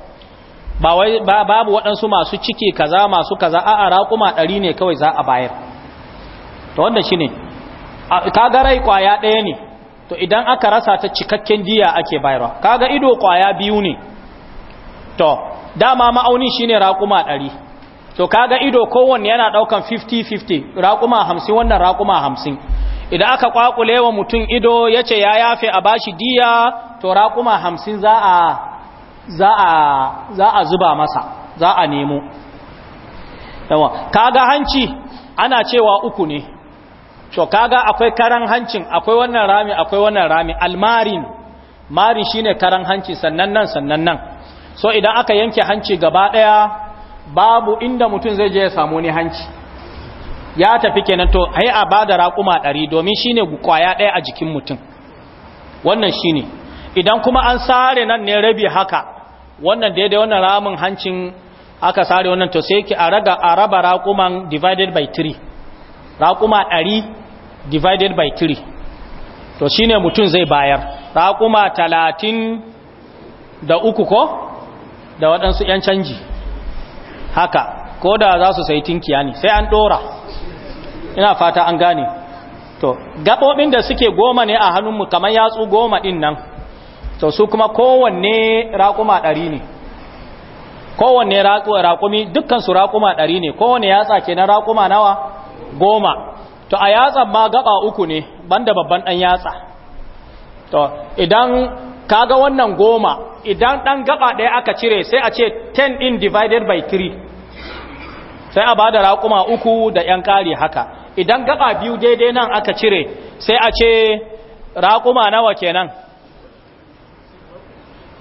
babu waɗansu masu ciki kaza masu kaza a a raƙuma ɗari ne kawai za a bayar to wanda shi ne kaga rai ƙwaya ɗaya ne to idan aka rasa ta cikakken diya ake bayarwa kaga ido kwaya biyu ne to dama ma'auni shine raƙuma ɗari to kaga ido kowanne yana ɗaukan 50-50 raƙuma hamsin wannan raƙuma hamsin idan aka kwakule wa mutum ido yace ya yafe a bashi diya to raƙuma hamsin za a za a za a zuba masa za a nemo kaga hanci ana cewa uku ne to kaga akwai karan hancin akwai wannan rami akwai wannan rami almarin mari shine karan hanci sannan nan sannan nan so idan aka yanke hanci gaba daya babu inda mutum zai je ya samu ni hanci ya tafi kenan to ai a bada raƙuma 100 domin shine kwaya daya a jikin mutum wannan shine idan kuma an sare nan ne rabi haka wannan daidai wannan ramin hancin aka sare wannan to sai ki a raga a raba raƙuman divided by 3 raƙuma ɗari. divided by 3 to shine mutum zai bayar raƙuma talatin da uku ko da waɗansu 'yan canji haka ko da za su sai tinkiya ne sai an ɗora ina fata an gane to gaɓoɓin da suke goma ne a hannunmu kamar yatsu goma ɗin nan to su kuma kowanne raƙuma 100 ne kowanne raƙumi dukkansu raƙuma ɗari ne kowanne yatsa ke na raƙuma nawa goma to a yatsan ma gaba uku ne banda babban dan yatsa to idan kaga wannan goma idan dan gaba ɗaya aka cire sai a ce 10 in divided by 3 sai a ba da raƙuma uku da yan haka idan gaba biyu daidai nan aka cire sai a ce raƙuma nawa kenan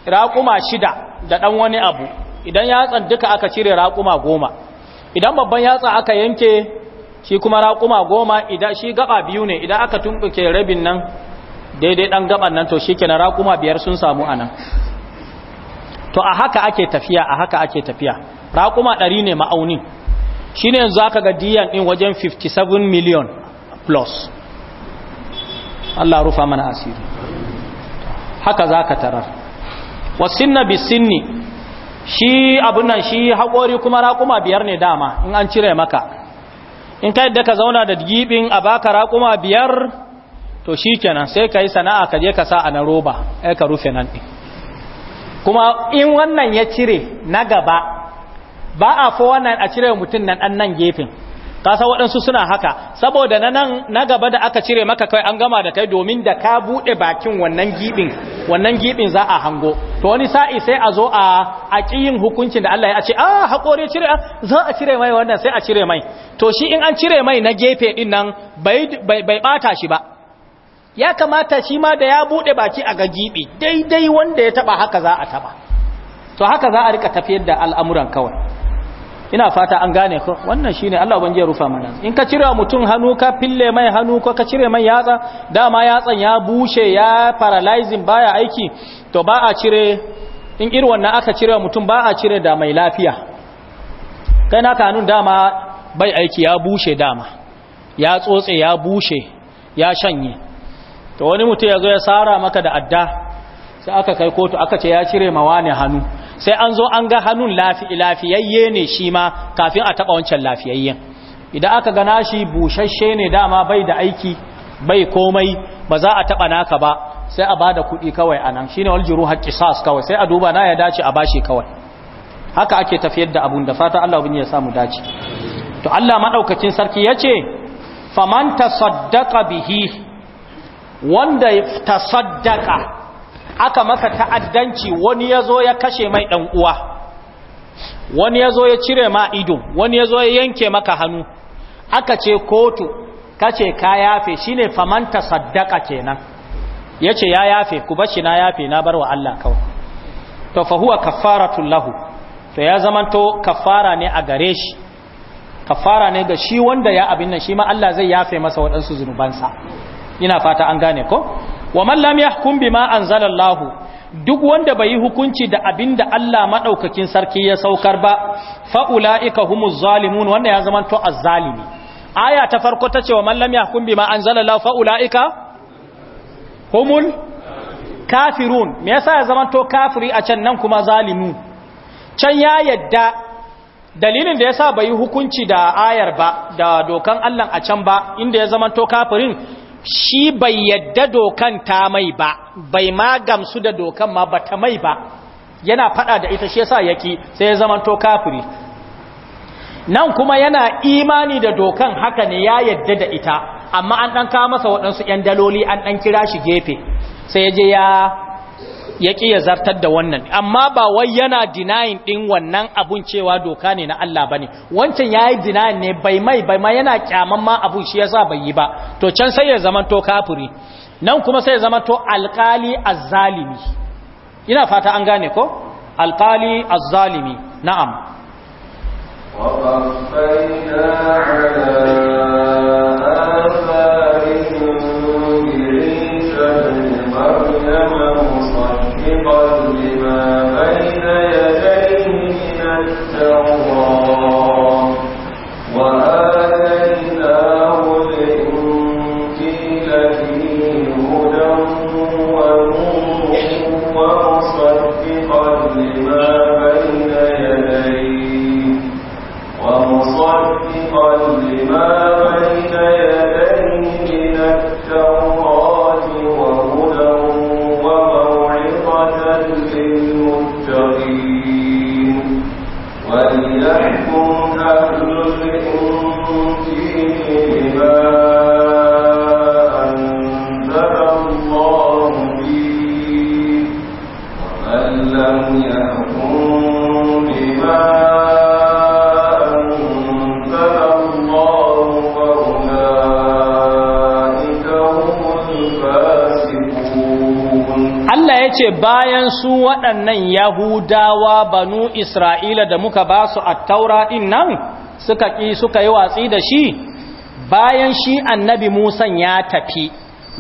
raƙuma shida da ɗan wani abu idan yatsan duka aka cire raƙuma goma idan babban yatsa aka yanke shi kuma raƙuma goma idan shi gaba biyu ne idan aka tumɓuke rabin nan daidai ɗan gaban nan to shi kenan raƙuma biyar sun samu a nan. to a haka ake tafiya a haka ake tafiya raƙuma ɗari ne ma'aunin shi ne yanzu aka ga diyan ɗin wajen 57 million plus Allah rufa mana asiri haka za ka tarar wasinna ni shi abin nan shi haƙori kuma raƙuma biyar ne dama in an cire maka in ka yadda ka zauna da gibin a baka raƙuma biyar to shi kenan sai ka yi sana'a ka je ka sa a na roba ya ka rufe nan ɗin kuma in wannan ya cire na gaba ba a fo wannan a cire mutum nan ɗan nan gefen kasa waɗansu suna haka saboda na nan na gaba da aka cire maka kai an gama da kai domin da ka buɗe bakin wannan giɓin wannan giɓin za a hango to wani sa'i sai a zo a a ƙiyin hukuncin da Allah ya ce a ah, haƙori cire ah, za a cire mai wannan sai a cire mai to shi in an cire mai na gefe ɗin nan bai ɓata shi ba ya kamata shi ma da ya buɗe baki a ga giɓi daidai wanda ya taɓa haka za a taɓa to haka za a rika tafiyar da al'amuran kawai ina fata an gane ko wannan shine Allah ban ya rufa mana in ka cire mutum hannu ka fille mai hannu ko ka cire mai yatsa dama yatsan ya bushe ya paralyzing baya aiki to ba a cire in irin wannan aka cire mutum ba a cire da mai lafiya kai na kanun dama bai aiki ya bushe dama ya tsotse ya bushe ya shanye to wani mutum ya zo ya sara maka da adda sai aka kai kotu aka ce ya cire mawane hannu sai an zo an ga hannun lafiyayye ne shi ma kafin a taɓa wancan lafiyayyen idan aka gana shi bushashe ne dama bai da aiki bai komai ba za a taɓa naka ba sai a bada kuɗi kawai a nan shi ne waljiru haƙƙi sas kawai sai a duba na ya dace a shi kawai haka ake tafiyar da abun da fata Allah bin ya samu dace to Allah maɗaukacin sarki ya ce faman tasaddaqa bihi wanda tasaddaqa aka maka ta'addanci wani ya zo ya kashe mai ɗan uwa wani ya zo ya cire ma ido wani ya zo ya yanke maka hannu aka ce kotu kace ka yafe shi ne famanta saddaka kenan yace ya yafe ku bashi na yafe na bar wa Allah kawai to fa huwa lahu to ya zamanto kaffara ne a gare shi kaffara ne ga shi wanda ya abin nan shi ma Allah zai yafe masa waɗansu zunubansa ina fata an gane ko wa man lam ma an anzalallahu duk wanda bai yi hukunci da abinda Allah maɗaukakin sarki ya saukar ba fa'ula ika humus zalimun wanda ya zama to aya ta farko ta ce wa man lam ma an anzalallahu fa'ula ika? humul kafirun me yasa ya zama to kafiri a can nan kuma zalimu can ya yadda dalilin da yasa bai yi hukunci da ayar ba da dokan Allah a can ba inda ya zama to kafirin shi bai yadda dokan ta mai ba bai ma gamsu da dokan ma ba ta mai ba yana fada da ita shi yasa yaki sai ya zama to kafiri nan kuma yana imani da dokan haka ne ya yadda da ita amma an dan kawo masa waɗansu 'yan daloli an dan kira shi gefe sai ya je ya ya ƙi ya zartar da wannan amma ba wai yana denying ɗin wannan abun cewa doka ne na Allah ba ne wancan ya yi denying ne bai mai bai ma yana kyaman ma abun shi ya sa bai yi ba to can sai ya to kafiri nan kuma sai ya to alƙali azzalimi ina fata an gane ko alƙali azzalimi na'am وقفينا ce bayan su waɗannan yahudawa banu isra'ila da muka ba su taura ɗin nan suka ƙi suka yi watsi da shi bayan shi annabi musan ya tafi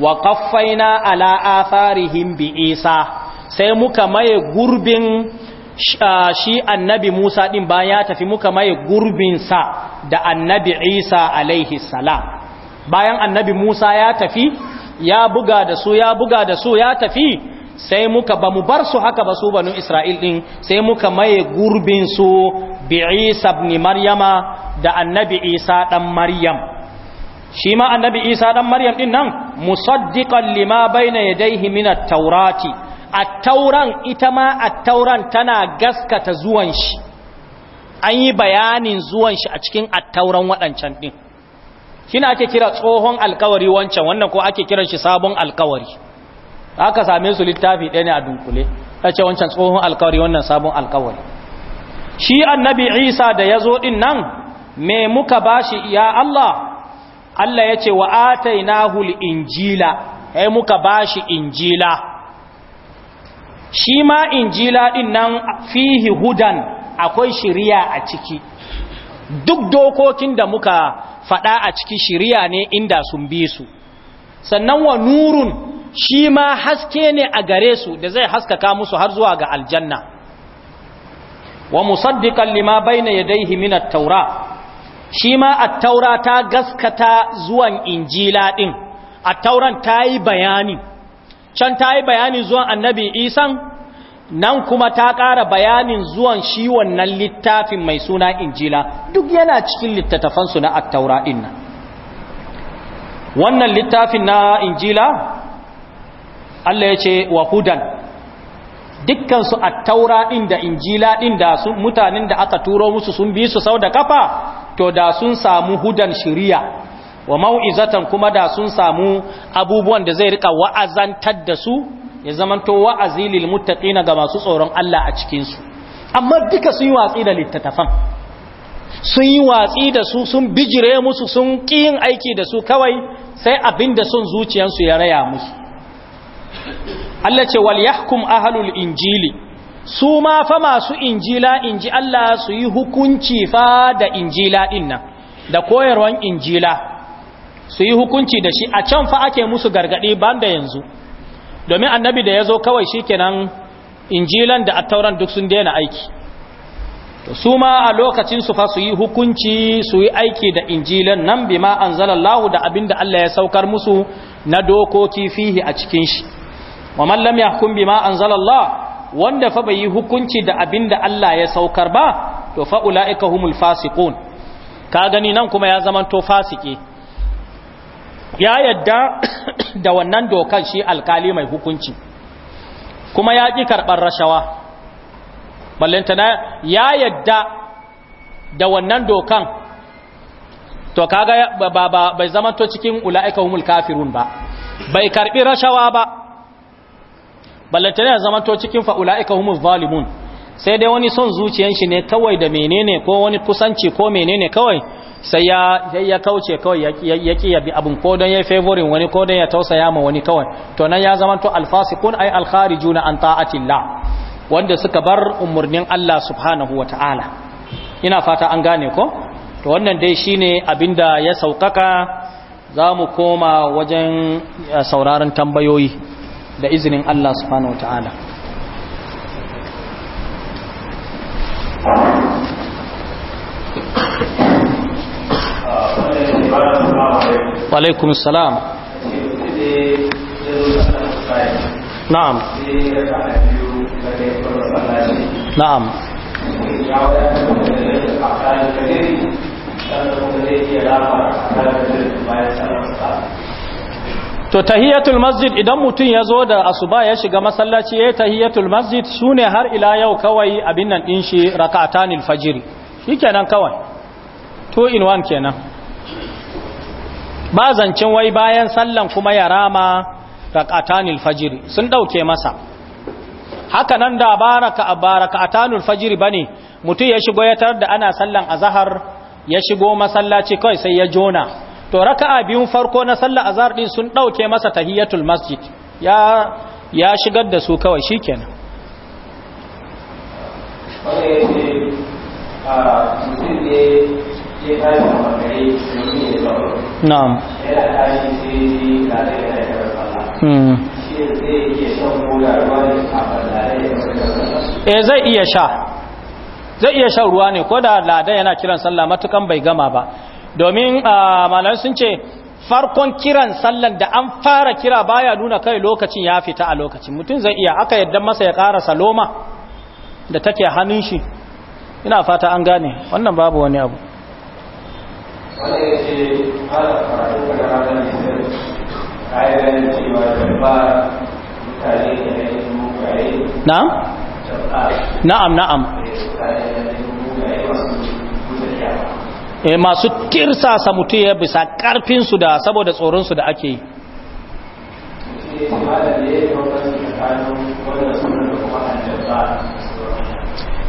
wa kaffaina ala atharihim bi isa sai muka maye gurbin shi annabi musa ɗin bayan ya tafi muka maye gurbinsa da annabi isa alaihi salam bayan annabi musa ya tafi ya buga da su ya buga da su ya tafi sai muka ba mu bar su haka ba su banu isra'il din sai muka maye gurbin su bi isa maryama da annabi isa dan maryam shi ma annabi isa dan maryam din nan musaddiqan lima baina yadayhi min at-taurati at-tauran ita ma at-tauran tana gaskata zuwan shi an yi bayanin zuwan shi a cikin at-tauran wadancan din kina ake kira tsohon alkawari wancan wannan ko ake kiran shi sabon alkawari aka same su littafi ɗaya ne a dunkule ta ce wancan tsohon alkawari wannan sabon alkawari shi annabi isa da ya zo ɗin nan me muka bashi ya allah allah ya ce wa huli injila yi muka ba shi injila shi ma injila ɗin nan fihi hudan akwai shiriya a ciki duk dokokin da muka faɗa a ciki shiriya ne inda sun bi su sannan wa nurun shi ma haske ne a gare su da zai haskaka musu har zuwa ga aljanna wa musaddiqan lima bayna yadayhi min at-taura shi ma at-taura ta gaskata zuwan injila din at-tauran ta yi bayani can ta yi bayanin zuwan annabi isan nan kuma ta ƙara bayanin zuwan shi wannan littafin mai suna injila duk yana cikin littattafansu na at-taura din wannan littafin na injila Allah ya ce wa hudan dukkansu a taura din da injila ɗin da mutanen da aka turo musu sun bi su sau da kafa to da sun samu hudan shiriya wa mau'izatan kuma da sun samu abubuwan da zai rika wa'azantar da su ya zamanto wa'azi lil muttaqina ga masu tsoron Allah a cikin su amma duka sun yi watsi da littattafan sun yi watsi da su sun bijire musu sun kiyin yin aiki da su kawai sai abin da son zuciyarsu ya raya musu Allah ce wal yahkum ahlul injili su ma fa masu injila inji Allah su yi hukunci fa da injila din nan da koyarwan injila su yi hukunci da shi a can fa ake musu gargadi banda yanzu domin annabi da yazo kawai shikenan injilan da attauran duk sun daina aiki su ma a lokacin su fa su yi hukunci su yi aiki da injilan nan bima anzalallahu da abinda Allah ya saukar musu na dokoki fihi a cikin shi wa man lam yahkum bima anzalallah wanda fa bai yi hukunci da abinda Allah ya saukar ba to fa ulaika humul fasiqun ka gani nan kuma ya zaman to fasiki ya yadda da wannan dokan shi alkali mai hukunci kuma ya ƙi karɓar rashawa ballantana ya yadda da wannan dokan to kaga ba bai zamanto cikin ula'ika humul kafirun ba bai karɓi rashawa ba ballantane ya zama to cikin fa'ula'ika humus zalimun sai dai wani son zuciyanshi ne kawai da menene ko wani kusanci ko menene kawai sai ya ya kauce kawai ya ki yabi abin ko don ya favorin wani ko don ya tausaya ma wani kawai to nan ya zama to ai alkhari juna an ta'atillah wanda suka bar umarnin Allah subhanahu wa ta'ala. ina fata an gane ko to wannan dai shi ne abin da ya saukaka za mu koma wajen eh, sauraron tambayoyi da izinin Allah subhanahu wa ta'ala alaikum salam na'am na'am ya to tahiyatul masjid idan mutum ya zo da asuba ya shiga masallaci ya eh, tahiyatul masjid su har ila yau kawai abin nan ɗin shi raka'atanil fajiri shi kenan kawai two in one kenan ba zancen wai bayan sallan kuma ya rama raka'atanil fajiri sun ɗauke masa haka nan da ba raka'atanil fajiri ba ne mutum ya shigo ya tar da ana sallan azahar ya shigo masallaci kawai sai ya jona to raka'a biyun farko na sallar azhar din sun dauke masa tahiyatul masjid ya ya shigar da su kawai shikenan na'am eh zai iya sha zai iya shan ruwa ne ko da lada yana kiran sallah matukan bai gama ba domin ah, malamai sun ce farkon kiran sallan da an fara kira baya nuna kai lokacin ya fita a lokacin mutum zai iya aka yadda masa ya kara saloma da take hannun shi ina fata an gane wannan babu wani abu na'am na'am na'am Eh, masu tirsasa mutu ya bisa karfinsu da saboda tsoronsu da ake yi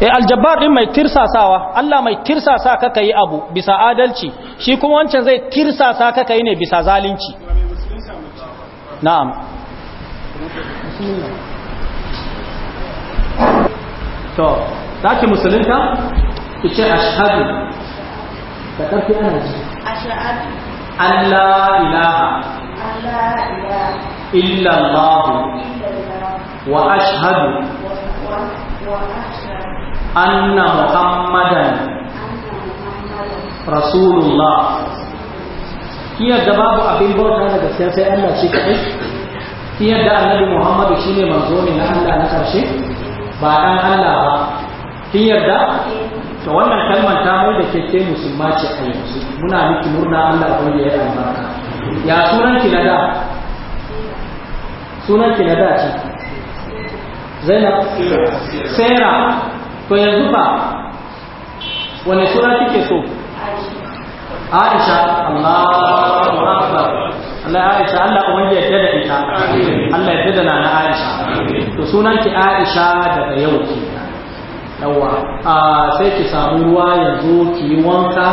e aljabbar din mai tirsasawa Allah mai tirsasa ka kai abu bisa adalci shi kuma wancan zai tirsasa ka kai ne bisa zalunci na'am to zaki musulunta ki ce ashhadu da ƙarfi ana ji an la ilaha illallah wa ashhadu anna muhammadan rasulullah ki yadda babu abin bauta daga gaskiya sai Allah shi kaɗai kiyar yadda annabi muhammadu shine manzo ne na Allah na ƙarshe ba ɗan Allah ba kiyar da to wannan kalmar ta mai da keke musulma ce a yanzu muna miki murna Allah ko ya yi albarka ya sunan ki na da sunan ki na da ce Zainab Sera to yanzu fa wani suna kike so Aisha Allahu Akbar Allah ya Aisha Allah kuma ya yarda ita Allah ya yarda da na Aisha to sunan ki Aisha daga yau ki yawa a ah, sai ki samu ruwa yanzu ki yi wanka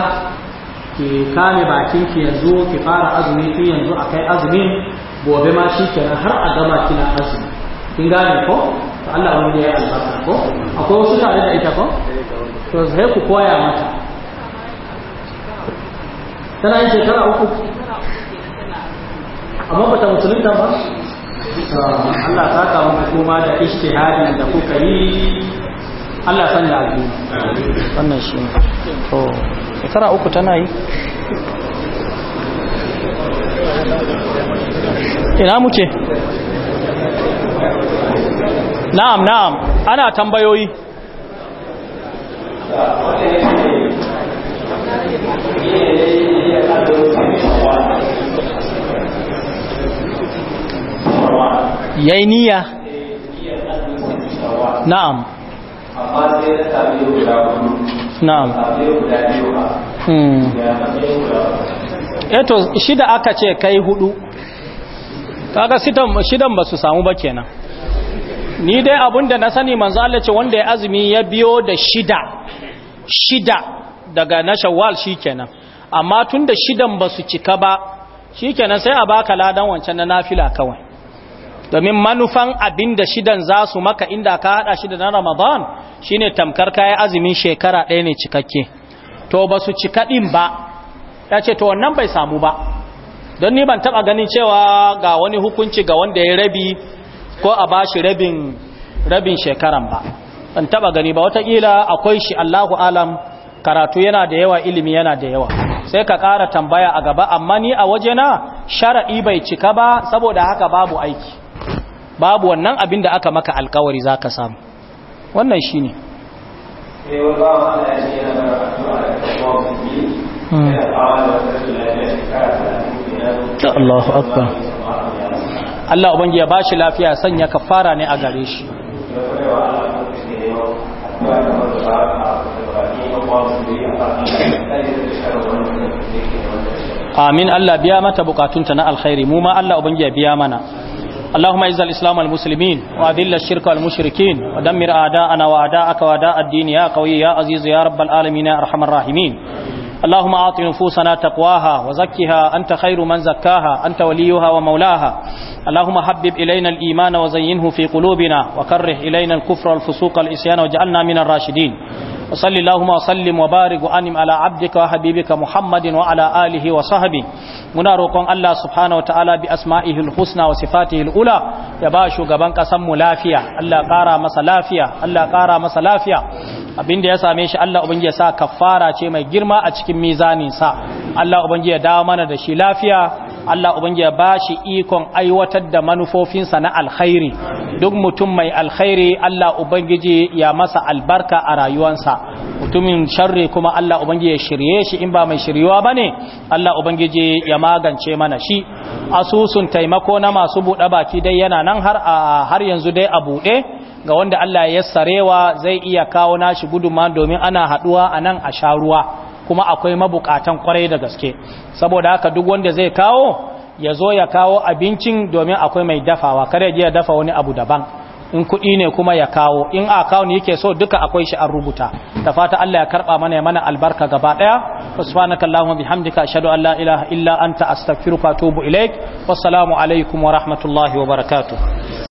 ki kame bakin ki yanzu ki fara azumi tun yanzu a kai azumin gobe ma shi kenan har a gama kina azumi kin gane ko to Allah wani ya albarka ko akwai wasu tare da ita ko to sai ku koya mata tana yin shekara uku amma bata musulunta ba Allah ta ka muku kuma da ishtihadi da kuka yi Allah sani da aljihu wannan shi to shekara uku tana yi ina muke na'am na'am ana tambayoyi yayi niyya na'am amma sai na guda na'am guda biyu ba hmm. ya eh shida aka ce kai hudu kaga shidan ba su samu ba kenan ni dai abunda na sani manzo Allah ce wanda ya azumi ya biyo da shida shida daga na shawwal shikenan amma tunda shidan ba su cika ba shikenan sai a baka ladan wancan na nafila kawai domin manufan abin da shidan za su maka inda ka haɗa shida na ramadan shi ne tamkar kayan azumin shekara ɗaya ne cikakke to ba su cika ɗin ba ya ce to wannan bai samu ba don ni ban taɓa ganin cewa ga wani hukunci ga wanda ya rabi ko a ba shi rabin, rabin shekaran ba ban taɓa gani ba watakila akwai shi allahu alam karatu yana da yawa ilimi yana da yawa sai ka ƙara tambaya a gaba amma ni a waje na shara'i bai cika ba saboda haka babu aiki babu wannan abin da aka maka alkawari za ka samu wannan shi ne Allahu Akbar Allah ubangi ya bashi lafiya sanya kafara ne a gare shi amin Allah biya mata bukatunta na alkhairi mu ma Allah ubangi ya biya mana اللهم اعز الاسلام والمسلمين واذل الشرك والمشركين ودمر اعداءنا واعداءك واعداء الدين يا قوي يا عزيز يا رب العالمين يا ارحم الراحمين اللهم اعط نفوسنا تقواها وزكها انت خير من زكاها انت وليها ومولاها اللهم حبب الينا الايمان وزينه في قلوبنا وكره الينا الكفر والفسوق والعصيان واجعلنا من الراشدين وصل اللهم وسلم وبارك وانم على عبدك وحبيبك محمد وعلى اله وصحبه منا روقون الله سبحانه وتعالى husna الحسنى وصفاته الاولى يا با shugaban kasan mu lafiya Allah ƙara masa lafiya Allah ƙara masa lafiya abinda ya same shi Allah ubangi ya sa kafara ce mai girma a cikin mizanin sa Allah ubangi ya dawo mana da shi lafiya Allah ubangiya ba shi ikon aiwatar da manufofinsa na alkhairi duk mutum mai alkhairi Allah ubangiji ya masa albarka a rayuwansa mutumin sharri kuma Allah ubangiji ya shirye shi in ba mai shiryuwa ba ne? Allah ubangiji ya magance mana shi asusun taimako na masu buɗe baki dai yana nan har a har yanzu dai a buɗe ga wanda Allah ya sarewa zai iya kawo nashi guduma domin ana haɗuwa a nan a sha ruwa kuma akwai mabukatan kwarai da gaske saboda haka duk wanda zai kawo ya zo ya kawo abincin domin akwai mai dafawa kare ya dafa wani abu daban in kuɗi ne kuma ya kawo in akawun yake so duka akwai shi an rubuta da fata Allah ya karɓa mana ya mana albarka gaba ɗaya subhanaka allahumma bihamdika ashhadu an la ilaha illa anta astaghfiruka wa atubu ilaik wassalamu alaikum wa rahmatullahi wa barakatuh